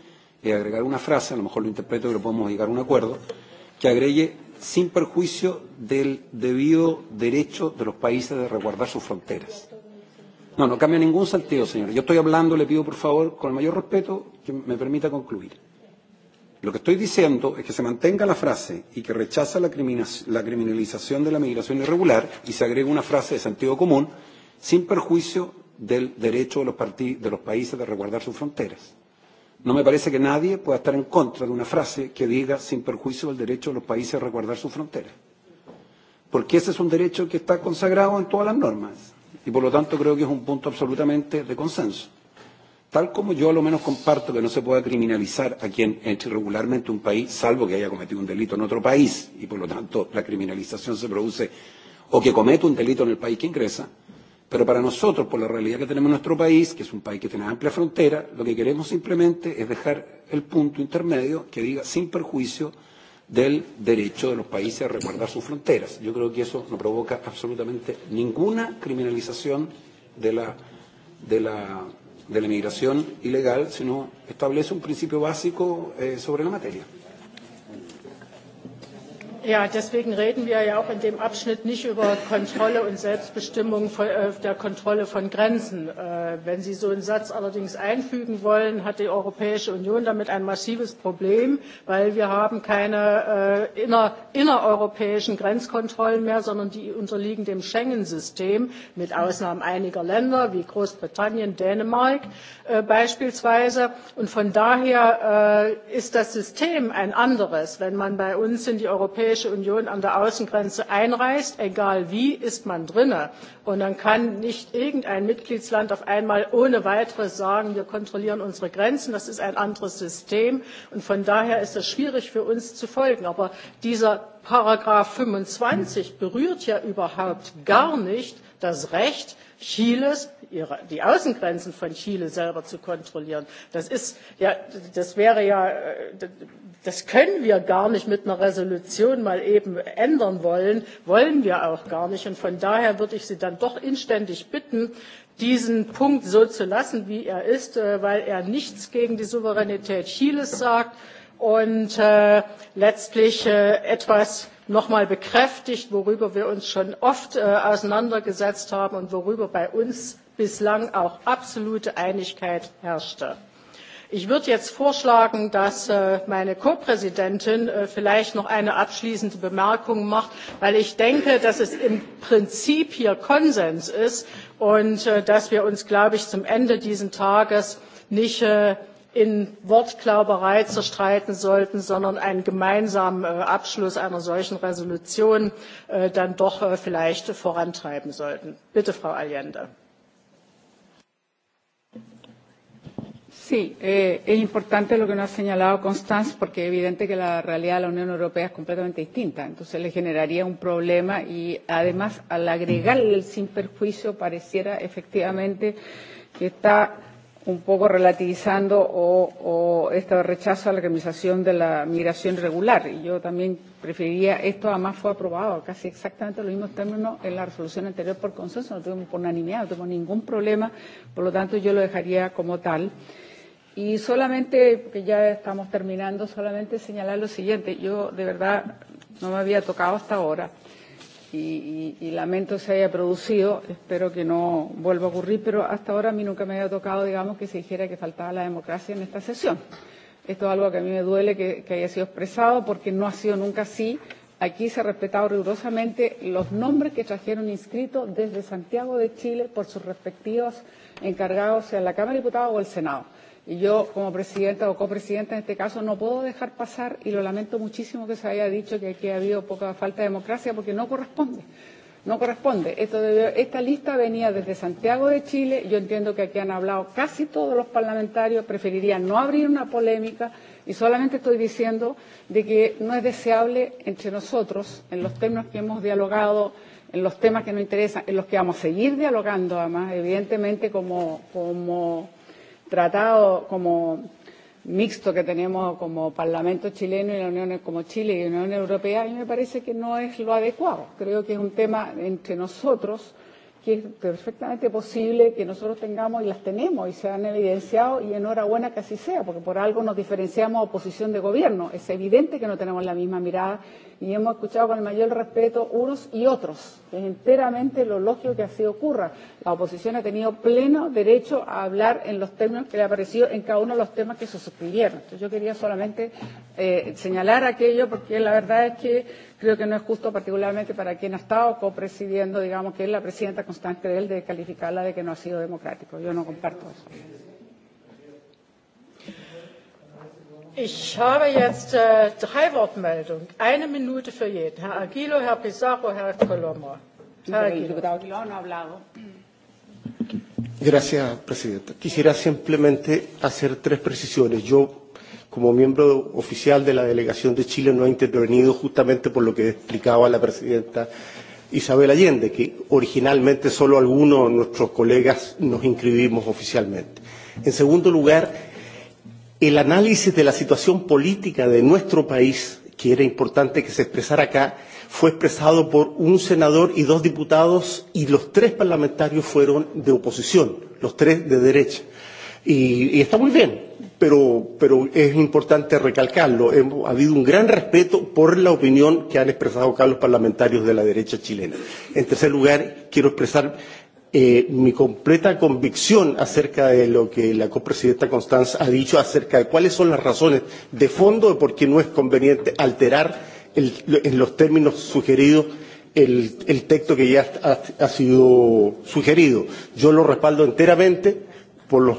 es agregar una frase, a lo mejor lo interpreto y lo podemos llegar a un acuerdo, que agregue sin perjuicio del debido derecho de los países de resguardar sus fronteras. No, no cambia ningún sentido, señor. Yo estoy hablando, le pido por favor, con el mayor respeto, que me permita concluir. Lo que estoy diciendo es que se mantenga la frase y que rechaza la criminalización de la migración irregular y se agrega una frase de sentido común sin perjuicio del derecho de los países de resguardar sus fronteras. No me parece que nadie pueda estar en contra de una frase que diga sin perjuicio del derecho de los países a resguardar sus fronteras. Porque ese es un derecho que está consagrado en todas las normas. Y por lo tanto creo que es un punto absolutamente de consenso. Tal como yo a lo menos comparto que no se pueda criminalizar a quien entre regularmente un país, salvo que haya cometido un delito en otro país, y por lo tanto la criminalización se produce, o que cometa un delito en el país que ingresa, Pero para nosotros, por la realidad que tenemos en nuestro país, que es un país que tiene amplia frontera, lo que queremos simplemente es dejar el punto intermedio que diga sin perjuicio del derecho de los países a resguardar sus fronteras. Yo creo que eso no provoca absolutamente ninguna criminalización de la, de la, de la migración ilegal, sino establece un principio básico sobre la materia. Ja, deswegen reden wir ja auch in dem Abschnitt nicht über Kontrolle und Selbstbestimmung der Kontrolle von Grenzen. Wenn Sie so einen Satz allerdings einfügen wollen, hat die Europäische Union damit ein massives Problem, weil wir haben keine innereuropäischen Grenzkontrollen mehr, sondern die unterliegen dem Schengen-System, mit Ausnahmen einiger Länder wie Großbritannien, Dänemark beispielsweise. Und von daher ist das System ein anderes. Wenn man bei uns in die Europäische Europäische Union an der Außengrenze einreist, egal wie, ist man drin. Und dann kann nicht irgendein Mitgliedsland auf einmal ohne weiteres sagen, wir kontrollieren unsere Grenzen. Das ist ein anderes System. Und von daher ist es schwierig für uns zu folgen. Aber dieser Paragraph 25 berührt ja überhaupt gar nicht das Recht, Chiles, die Außengrenzen von Chile selber zu kontrollieren. Das ist, das wäre ja, das können wir gar nicht mit einer Resolution mal eben ändern wollen, wollen wir auch gar nicht. Und von daher würde ich Sie dann doch inständig bitten, diesen Punkt so zu lassen, wie er ist, weil er nichts gegen die Souveränität Chiles sagt und letztlich etwas noch einmal bekräftigt worüber wir uns schon oft auseinandergesetzt haben und worüber bei uns bislang auch absolute einigkeit herrschte. ich würde jetzt vorschlagen dass meine ko präsidentin vielleicht noch eine abschließende bemerkung macht weil ich denke dass es im prinzip hier konsens ist und dass wir uns glaube ich zum ende dieses tages nicht in Wortklauberei zerstreiten sollten, sondern einen gemeinsamen Abschluss einer solchen Resolution dann doch vielleicht vorantreiben sollten. Bitte, Frau Allende. Sí, es importante lo que nos ha señalado Constance, porque es evidente que la realidad de la Unión Europea es completamente distinta. Entonces le generaría un problema y además al agregarle el sin perjuicio pareciera efectivamente que está un poco relativizando o, o este rechazo a la organización de la migración regular. Y yo también preferiría, esto además fue aprobado casi exactamente los mismos términos en la resolución anterior por consenso, no tuvimos por unanimidad, no tuvimos ningún problema, por lo tanto yo lo dejaría como tal. Y solamente, porque ya estamos terminando, solamente señalar lo siguiente, yo de verdad no me había tocado hasta ahora y, y, y lamento se haya producido, espero que no vuelva a ocurrir, pero hasta ahora a mí nunca me había tocado, digamos, que se dijera que faltaba la democracia en esta sesión. Esto es algo que a mí me duele que, que haya sido expresado porque no ha sido nunca así. Aquí se ha respetado rigurosamente los nombres que trajeron inscritos desde Santiago de Chile por sus respectivos encargados, sea la Cámara de Diputados o el Senado. Y yo, como presidenta o copresidenta en este caso, no puedo dejar pasar, y lo lamento muchísimo que se haya dicho que aquí ha habido poca falta de democracia, porque no corresponde. No corresponde. Esto esta lista venía desde Santiago de Chile. Yo entiendo que aquí han hablado casi todos los parlamentarios. Preferiría no abrir una polémica y solamente estoy diciendo de que no es deseable entre nosotros, en los temas que hemos dialogado, en los temas que nos interesan, en los que vamos a seguir dialogando, además, evidentemente como, como tratado como mixto que tenemos como Parlamento chileno y la Unión como Chile y la Unión Europea, a mí me parece que no es lo adecuado. Creo que es un tema entre nosotros es perfectamente posible que nosotros tengamos, y las tenemos, y se han evidenciado, y enhorabuena que así sea, porque por algo nos diferenciamos a oposición de gobierno. Es evidente que no tenemos la misma mirada, y hemos escuchado con el mayor respeto unos y otros. Es enteramente lo lógico que así ocurra. La oposición ha tenido pleno derecho a hablar en los términos que le ha parecido en cada uno de los temas que se suscribieron. Entonces yo quería solamente eh, señalar aquello, porque la verdad es que creo que no es justo particularmente para quien ha estado copresidiendo, digamos, que es la presidenta de él, de calificarla de que no ha sido democrático. Yo no comparto eso. Ich habe jetzt drei Wortmeldungen. Eine Minute für jeden. Herr Aguilo, Herr Pizarro, Herr Colombo. Herr Aguilo. Gracias, Presidenta. Quisiera simplemente hacer tres precisiones. Yo como miembro oficial de la delegación de Chile no ha intervenido justamente por lo que explicaba la presidenta Isabel Allende, que originalmente solo algunos de nuestros colegas nos inscribimos oficialmente. En segundo lugar, el análisis de la situación política de nuestro país, que era importante que se expresara acá, fue expresado por un senador y dos diputados y los tres parlamentarios fueron de oposición, los tres de derecha. Y está muy bien, pero, pero es importante recalcarlo. Ha habido un gran respeto por la opinión que han expresado acá los parlamentarios de la derecha chilena. En tercer lugar, quiero expresar mi completa convicción acerca de lo que la copresidenta Constanza ha dicho acerca de cuáles son las razones de fondo de por qué no es conveniente alterar el, en los términos sugeridos el, el texto que ya ha, ha sido sugerido. Yo lo respaldo enteramente por los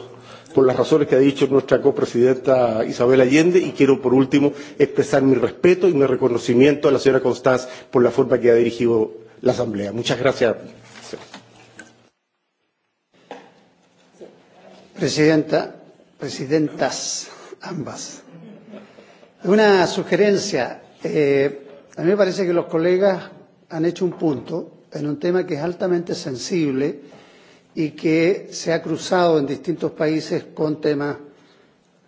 por las razones que ha dicho nuestra copresidenta Isabel Allende y quiero por último expresar mi respeto y mi reconocimiento a la señora Constanz por la forma que ha dirigido la Asamblea. Muchas gracias. Presidenta, presidentas, ambas. Una sugerencia. Eh, a mí me parece que los colegas han hecho un punto en un tema que es altamente sensible y que se ha cruzado en distintos países con temas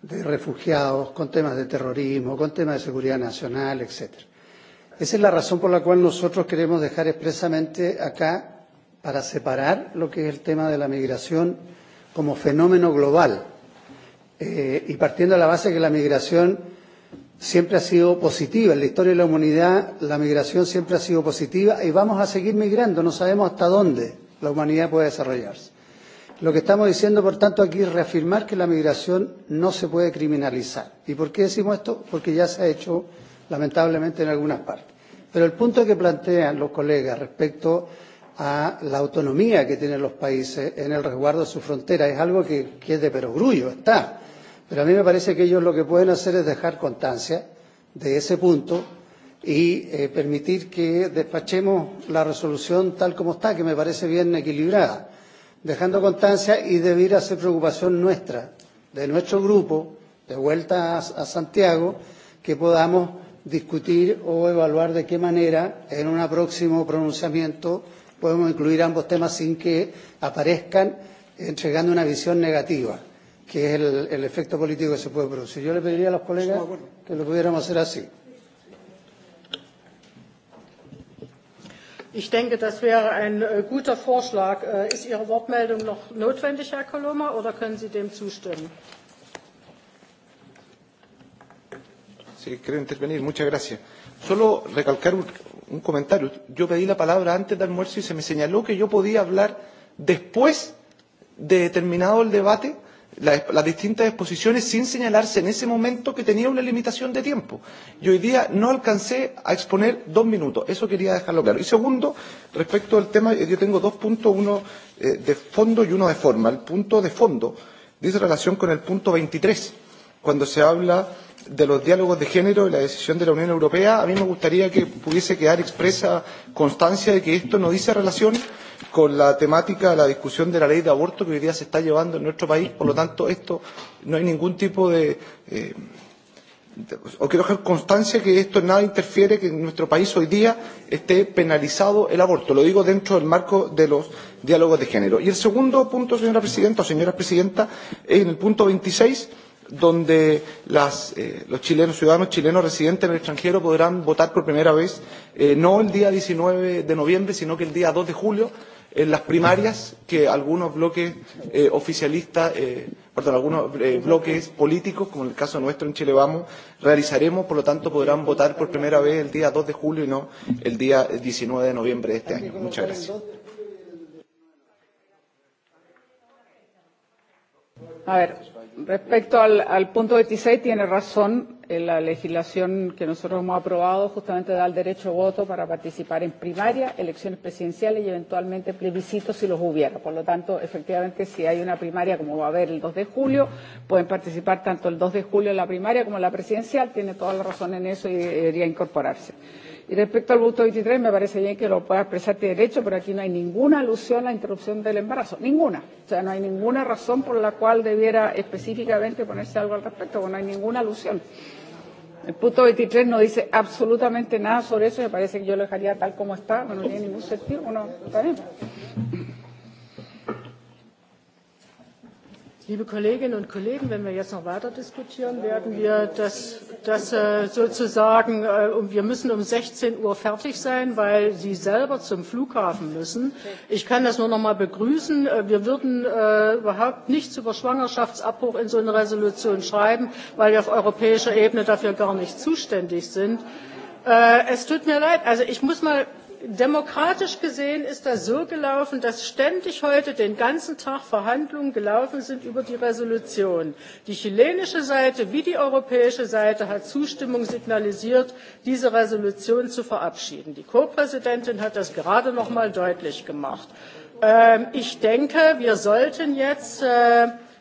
de refugiados, con temas de terrorismo, con temas de seguridad nacional, etc. Esa es la razón por la cual nosotros queremos dejar expresamente acá para separar lo que es el tema de la migración como fenómeno global eh, y partiendo de la base que la migración siempre ha sido positiva. En la historia de la humanidad la migración siempre ha sido positiva y vamos a seguir migrando, no sabemos hasta dónde la humanidad puede desarrollarse. Lo que estamos diciendo, por tanto, aquí es reafirmar que la migración no se puede criminalizar. ¿Y por qué decimos esto? Porque ya se ha hecho, lamentablemente, en algunas partes. Pero el punto que plantean los colegas respecto a la autonomía que tienen los países en el resguardo de su frontera es algo que, que es de perogrullo, está. Pero a mí me parece que ellos lo que pueden hacer es dejar constancia de ese punto y permitir que despachemos la resolución tal como está, que me parece bien equilibrada, dejando constancia y debiera ser preocupación nuestra, de nuestro grupo, de vuelta a Santiago, que podamos discutir o evaluar de qué manera en un próximo pronunciamiento podemos incluir ambos temas sin que aparezcan entregando una visión negativa, que es el efecto político que se puede producir. Yo le pediría a los colegas que lo pudiéramos hacer así. Ich denke, das wäre ein guter Vorschlag. Ist Ihre Wortmeldung noch notwendig, Herr Coloma, oder können Sie dem zustimmen? Sí, quiero intervenir. Muchas gracias. Solo recalcar un comentario. Yo pedí la palabra antes del almuerzo y se me señaló que yo podía hablar después de terminado el debate las distintas exposiciones sin señalarse en ese momento que tenía una limitación de tiempo. Y hoy día no alcancé a exponer dos minutos. Eso quería dejarlo claro. Y segundo, respecto al tema, yo tengo dos puntos, uno de fondo y uno de forma. El punto de fondo dice relación con el punto 23, cuando se habla de los diálogos de género y la decisión de la Unión Europea. A mí me gustaría que pudiese quedar expresa constancia de que esto no dice relación con la temática, la discusión de la ley de aborto que hoy día se está llevando en nuestro país. Por lo tanto, esto no hay ningún tipo de. O quiero dejar constancia que esto nada interfiere que en nuestro país hoy día esté penalizado el aborto. Lo digo dentro del marco de los diálogos de género. Y el segundo punto, señora presidenta o señora presidenta, es en el punto 26 donde las, los chilenos, ciudadanos chilenos residentes en el extranjero podrán votar por primera vez, no el día 19 de noviembre, sino que el día 2 de julio, en las primarias que algunos bloques oficialistas, perdón, algunos bloques políticos, como en el caso nuestro en Chile Vamos, realizaremos, por lo tanto podrán votar por primera vez el día 2 de julio y no el día 19 de noviembre de este año. Muchas gracias. A ver, Respecto al punto 26, tiene razón. La legislación que nosotros hemos aprobado justamente da el derecho a voto para participar en primaria, elecciones presidenciales y eventualmente plebiscitos si los hubiera. Por lo tanto, efectivamente, si hay una primaria como va a haber el 2 de julio, pueden participar tanto el 2 de julio en la primaria como en la presidencial. Tiene toda la razón en eso y debería incorporarse. Y respecto al punto 23, me parece bien que lo pueda expresar de derecho, pero aquí no hay ninguna alusión a la interrupción del embarazo, ninguna. O sea, no hay ninguna razón por la cual debiera específicamente ponerse algo al respecto, porque no hay ninguna alusión. El punto 23 no dice absolutamente nada sobre eso, me parece que yo lo dejaría tal como está, no tiene ningún sentido, no, está Liebe Kolleginnen und Kollegen, wenn wir jetzt noch weiter diskutieren, werden wir das, sozusagen, wir müssen um 16 Uhr fertig sein, weil Sie selber zum Flughafen müssen. Ich kann das nur noch mal begrüßen. Wir würden überhaupt nichts über Schwangerschaftsabbruch in so eine Resolution schreiben, weil wir auf europäischer Ebene dafür gar nicht zuständig sind. Es tut mir leid, also ich muss mal demokratisch gesehen ist das so gelaufen dass ständig heute den ganzen tag verhandlungen gelaufen sind über die sind. die chilenische seite wie die europäische seite hat zustimmung signalisiert diese Resolution zu verabschieden. die ko präsidentin hat das gerade noch einmal deutlich gemacht. ich denke wir sollten jetzt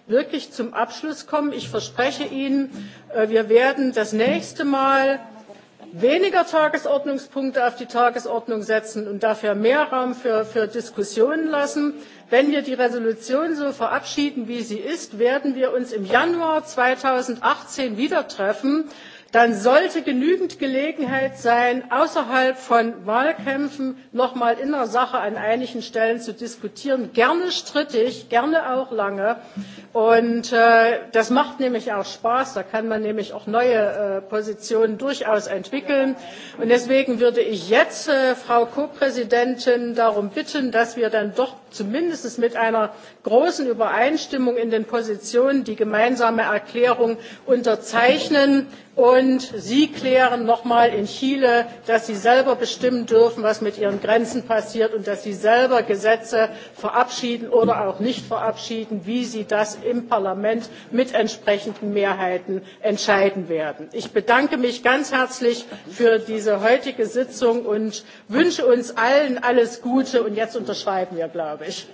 wirklich zum abschluss kommen. ich verspreche ihnen wir werden das nächste mal weniger Tagesordnungspunkte auf die Tagesordnung setzen und dafür mehr Raum für Diskussionen lassen. Wenn wir die Entschließung so verabschieden, wie sie ist, werden wir uns im Januar 2018 wieder treffen dann sollte genügend Gelegenheit sein, außerhalb von Wahlkämpfen noch mal in der Sache an einigen Stellen zu diskutieren, gerne strittig, gerne auch lange. Und das macht nämlich auch Spaß, da kann man nämlich auch neue Positionen durchaus entwickeln. Und deswegen würde ich jetzt Frau Co-Präsidentin darum bitten, dass wir dann doch zumindest mit einer großen Übereinstimmung in den Positionen die gemeinsame Erklärung unterzeichnen Und Sie klären noch nochmal in Chile, dass Sie selber bestimmen dürfen, was mit Ihren Grenzen passiert und dass Sie selber Gesetze verabschieden oder auch nicht verabschieden, wie Sie das im Parlament mit entsprechenden Mehrheiten entscheiden werden. Ich bedanke mich ganz herzlich für diese heutige Sitzung und wünsche uns allen alles Gute. Und jetzt unterschreiben wir, glaube ich.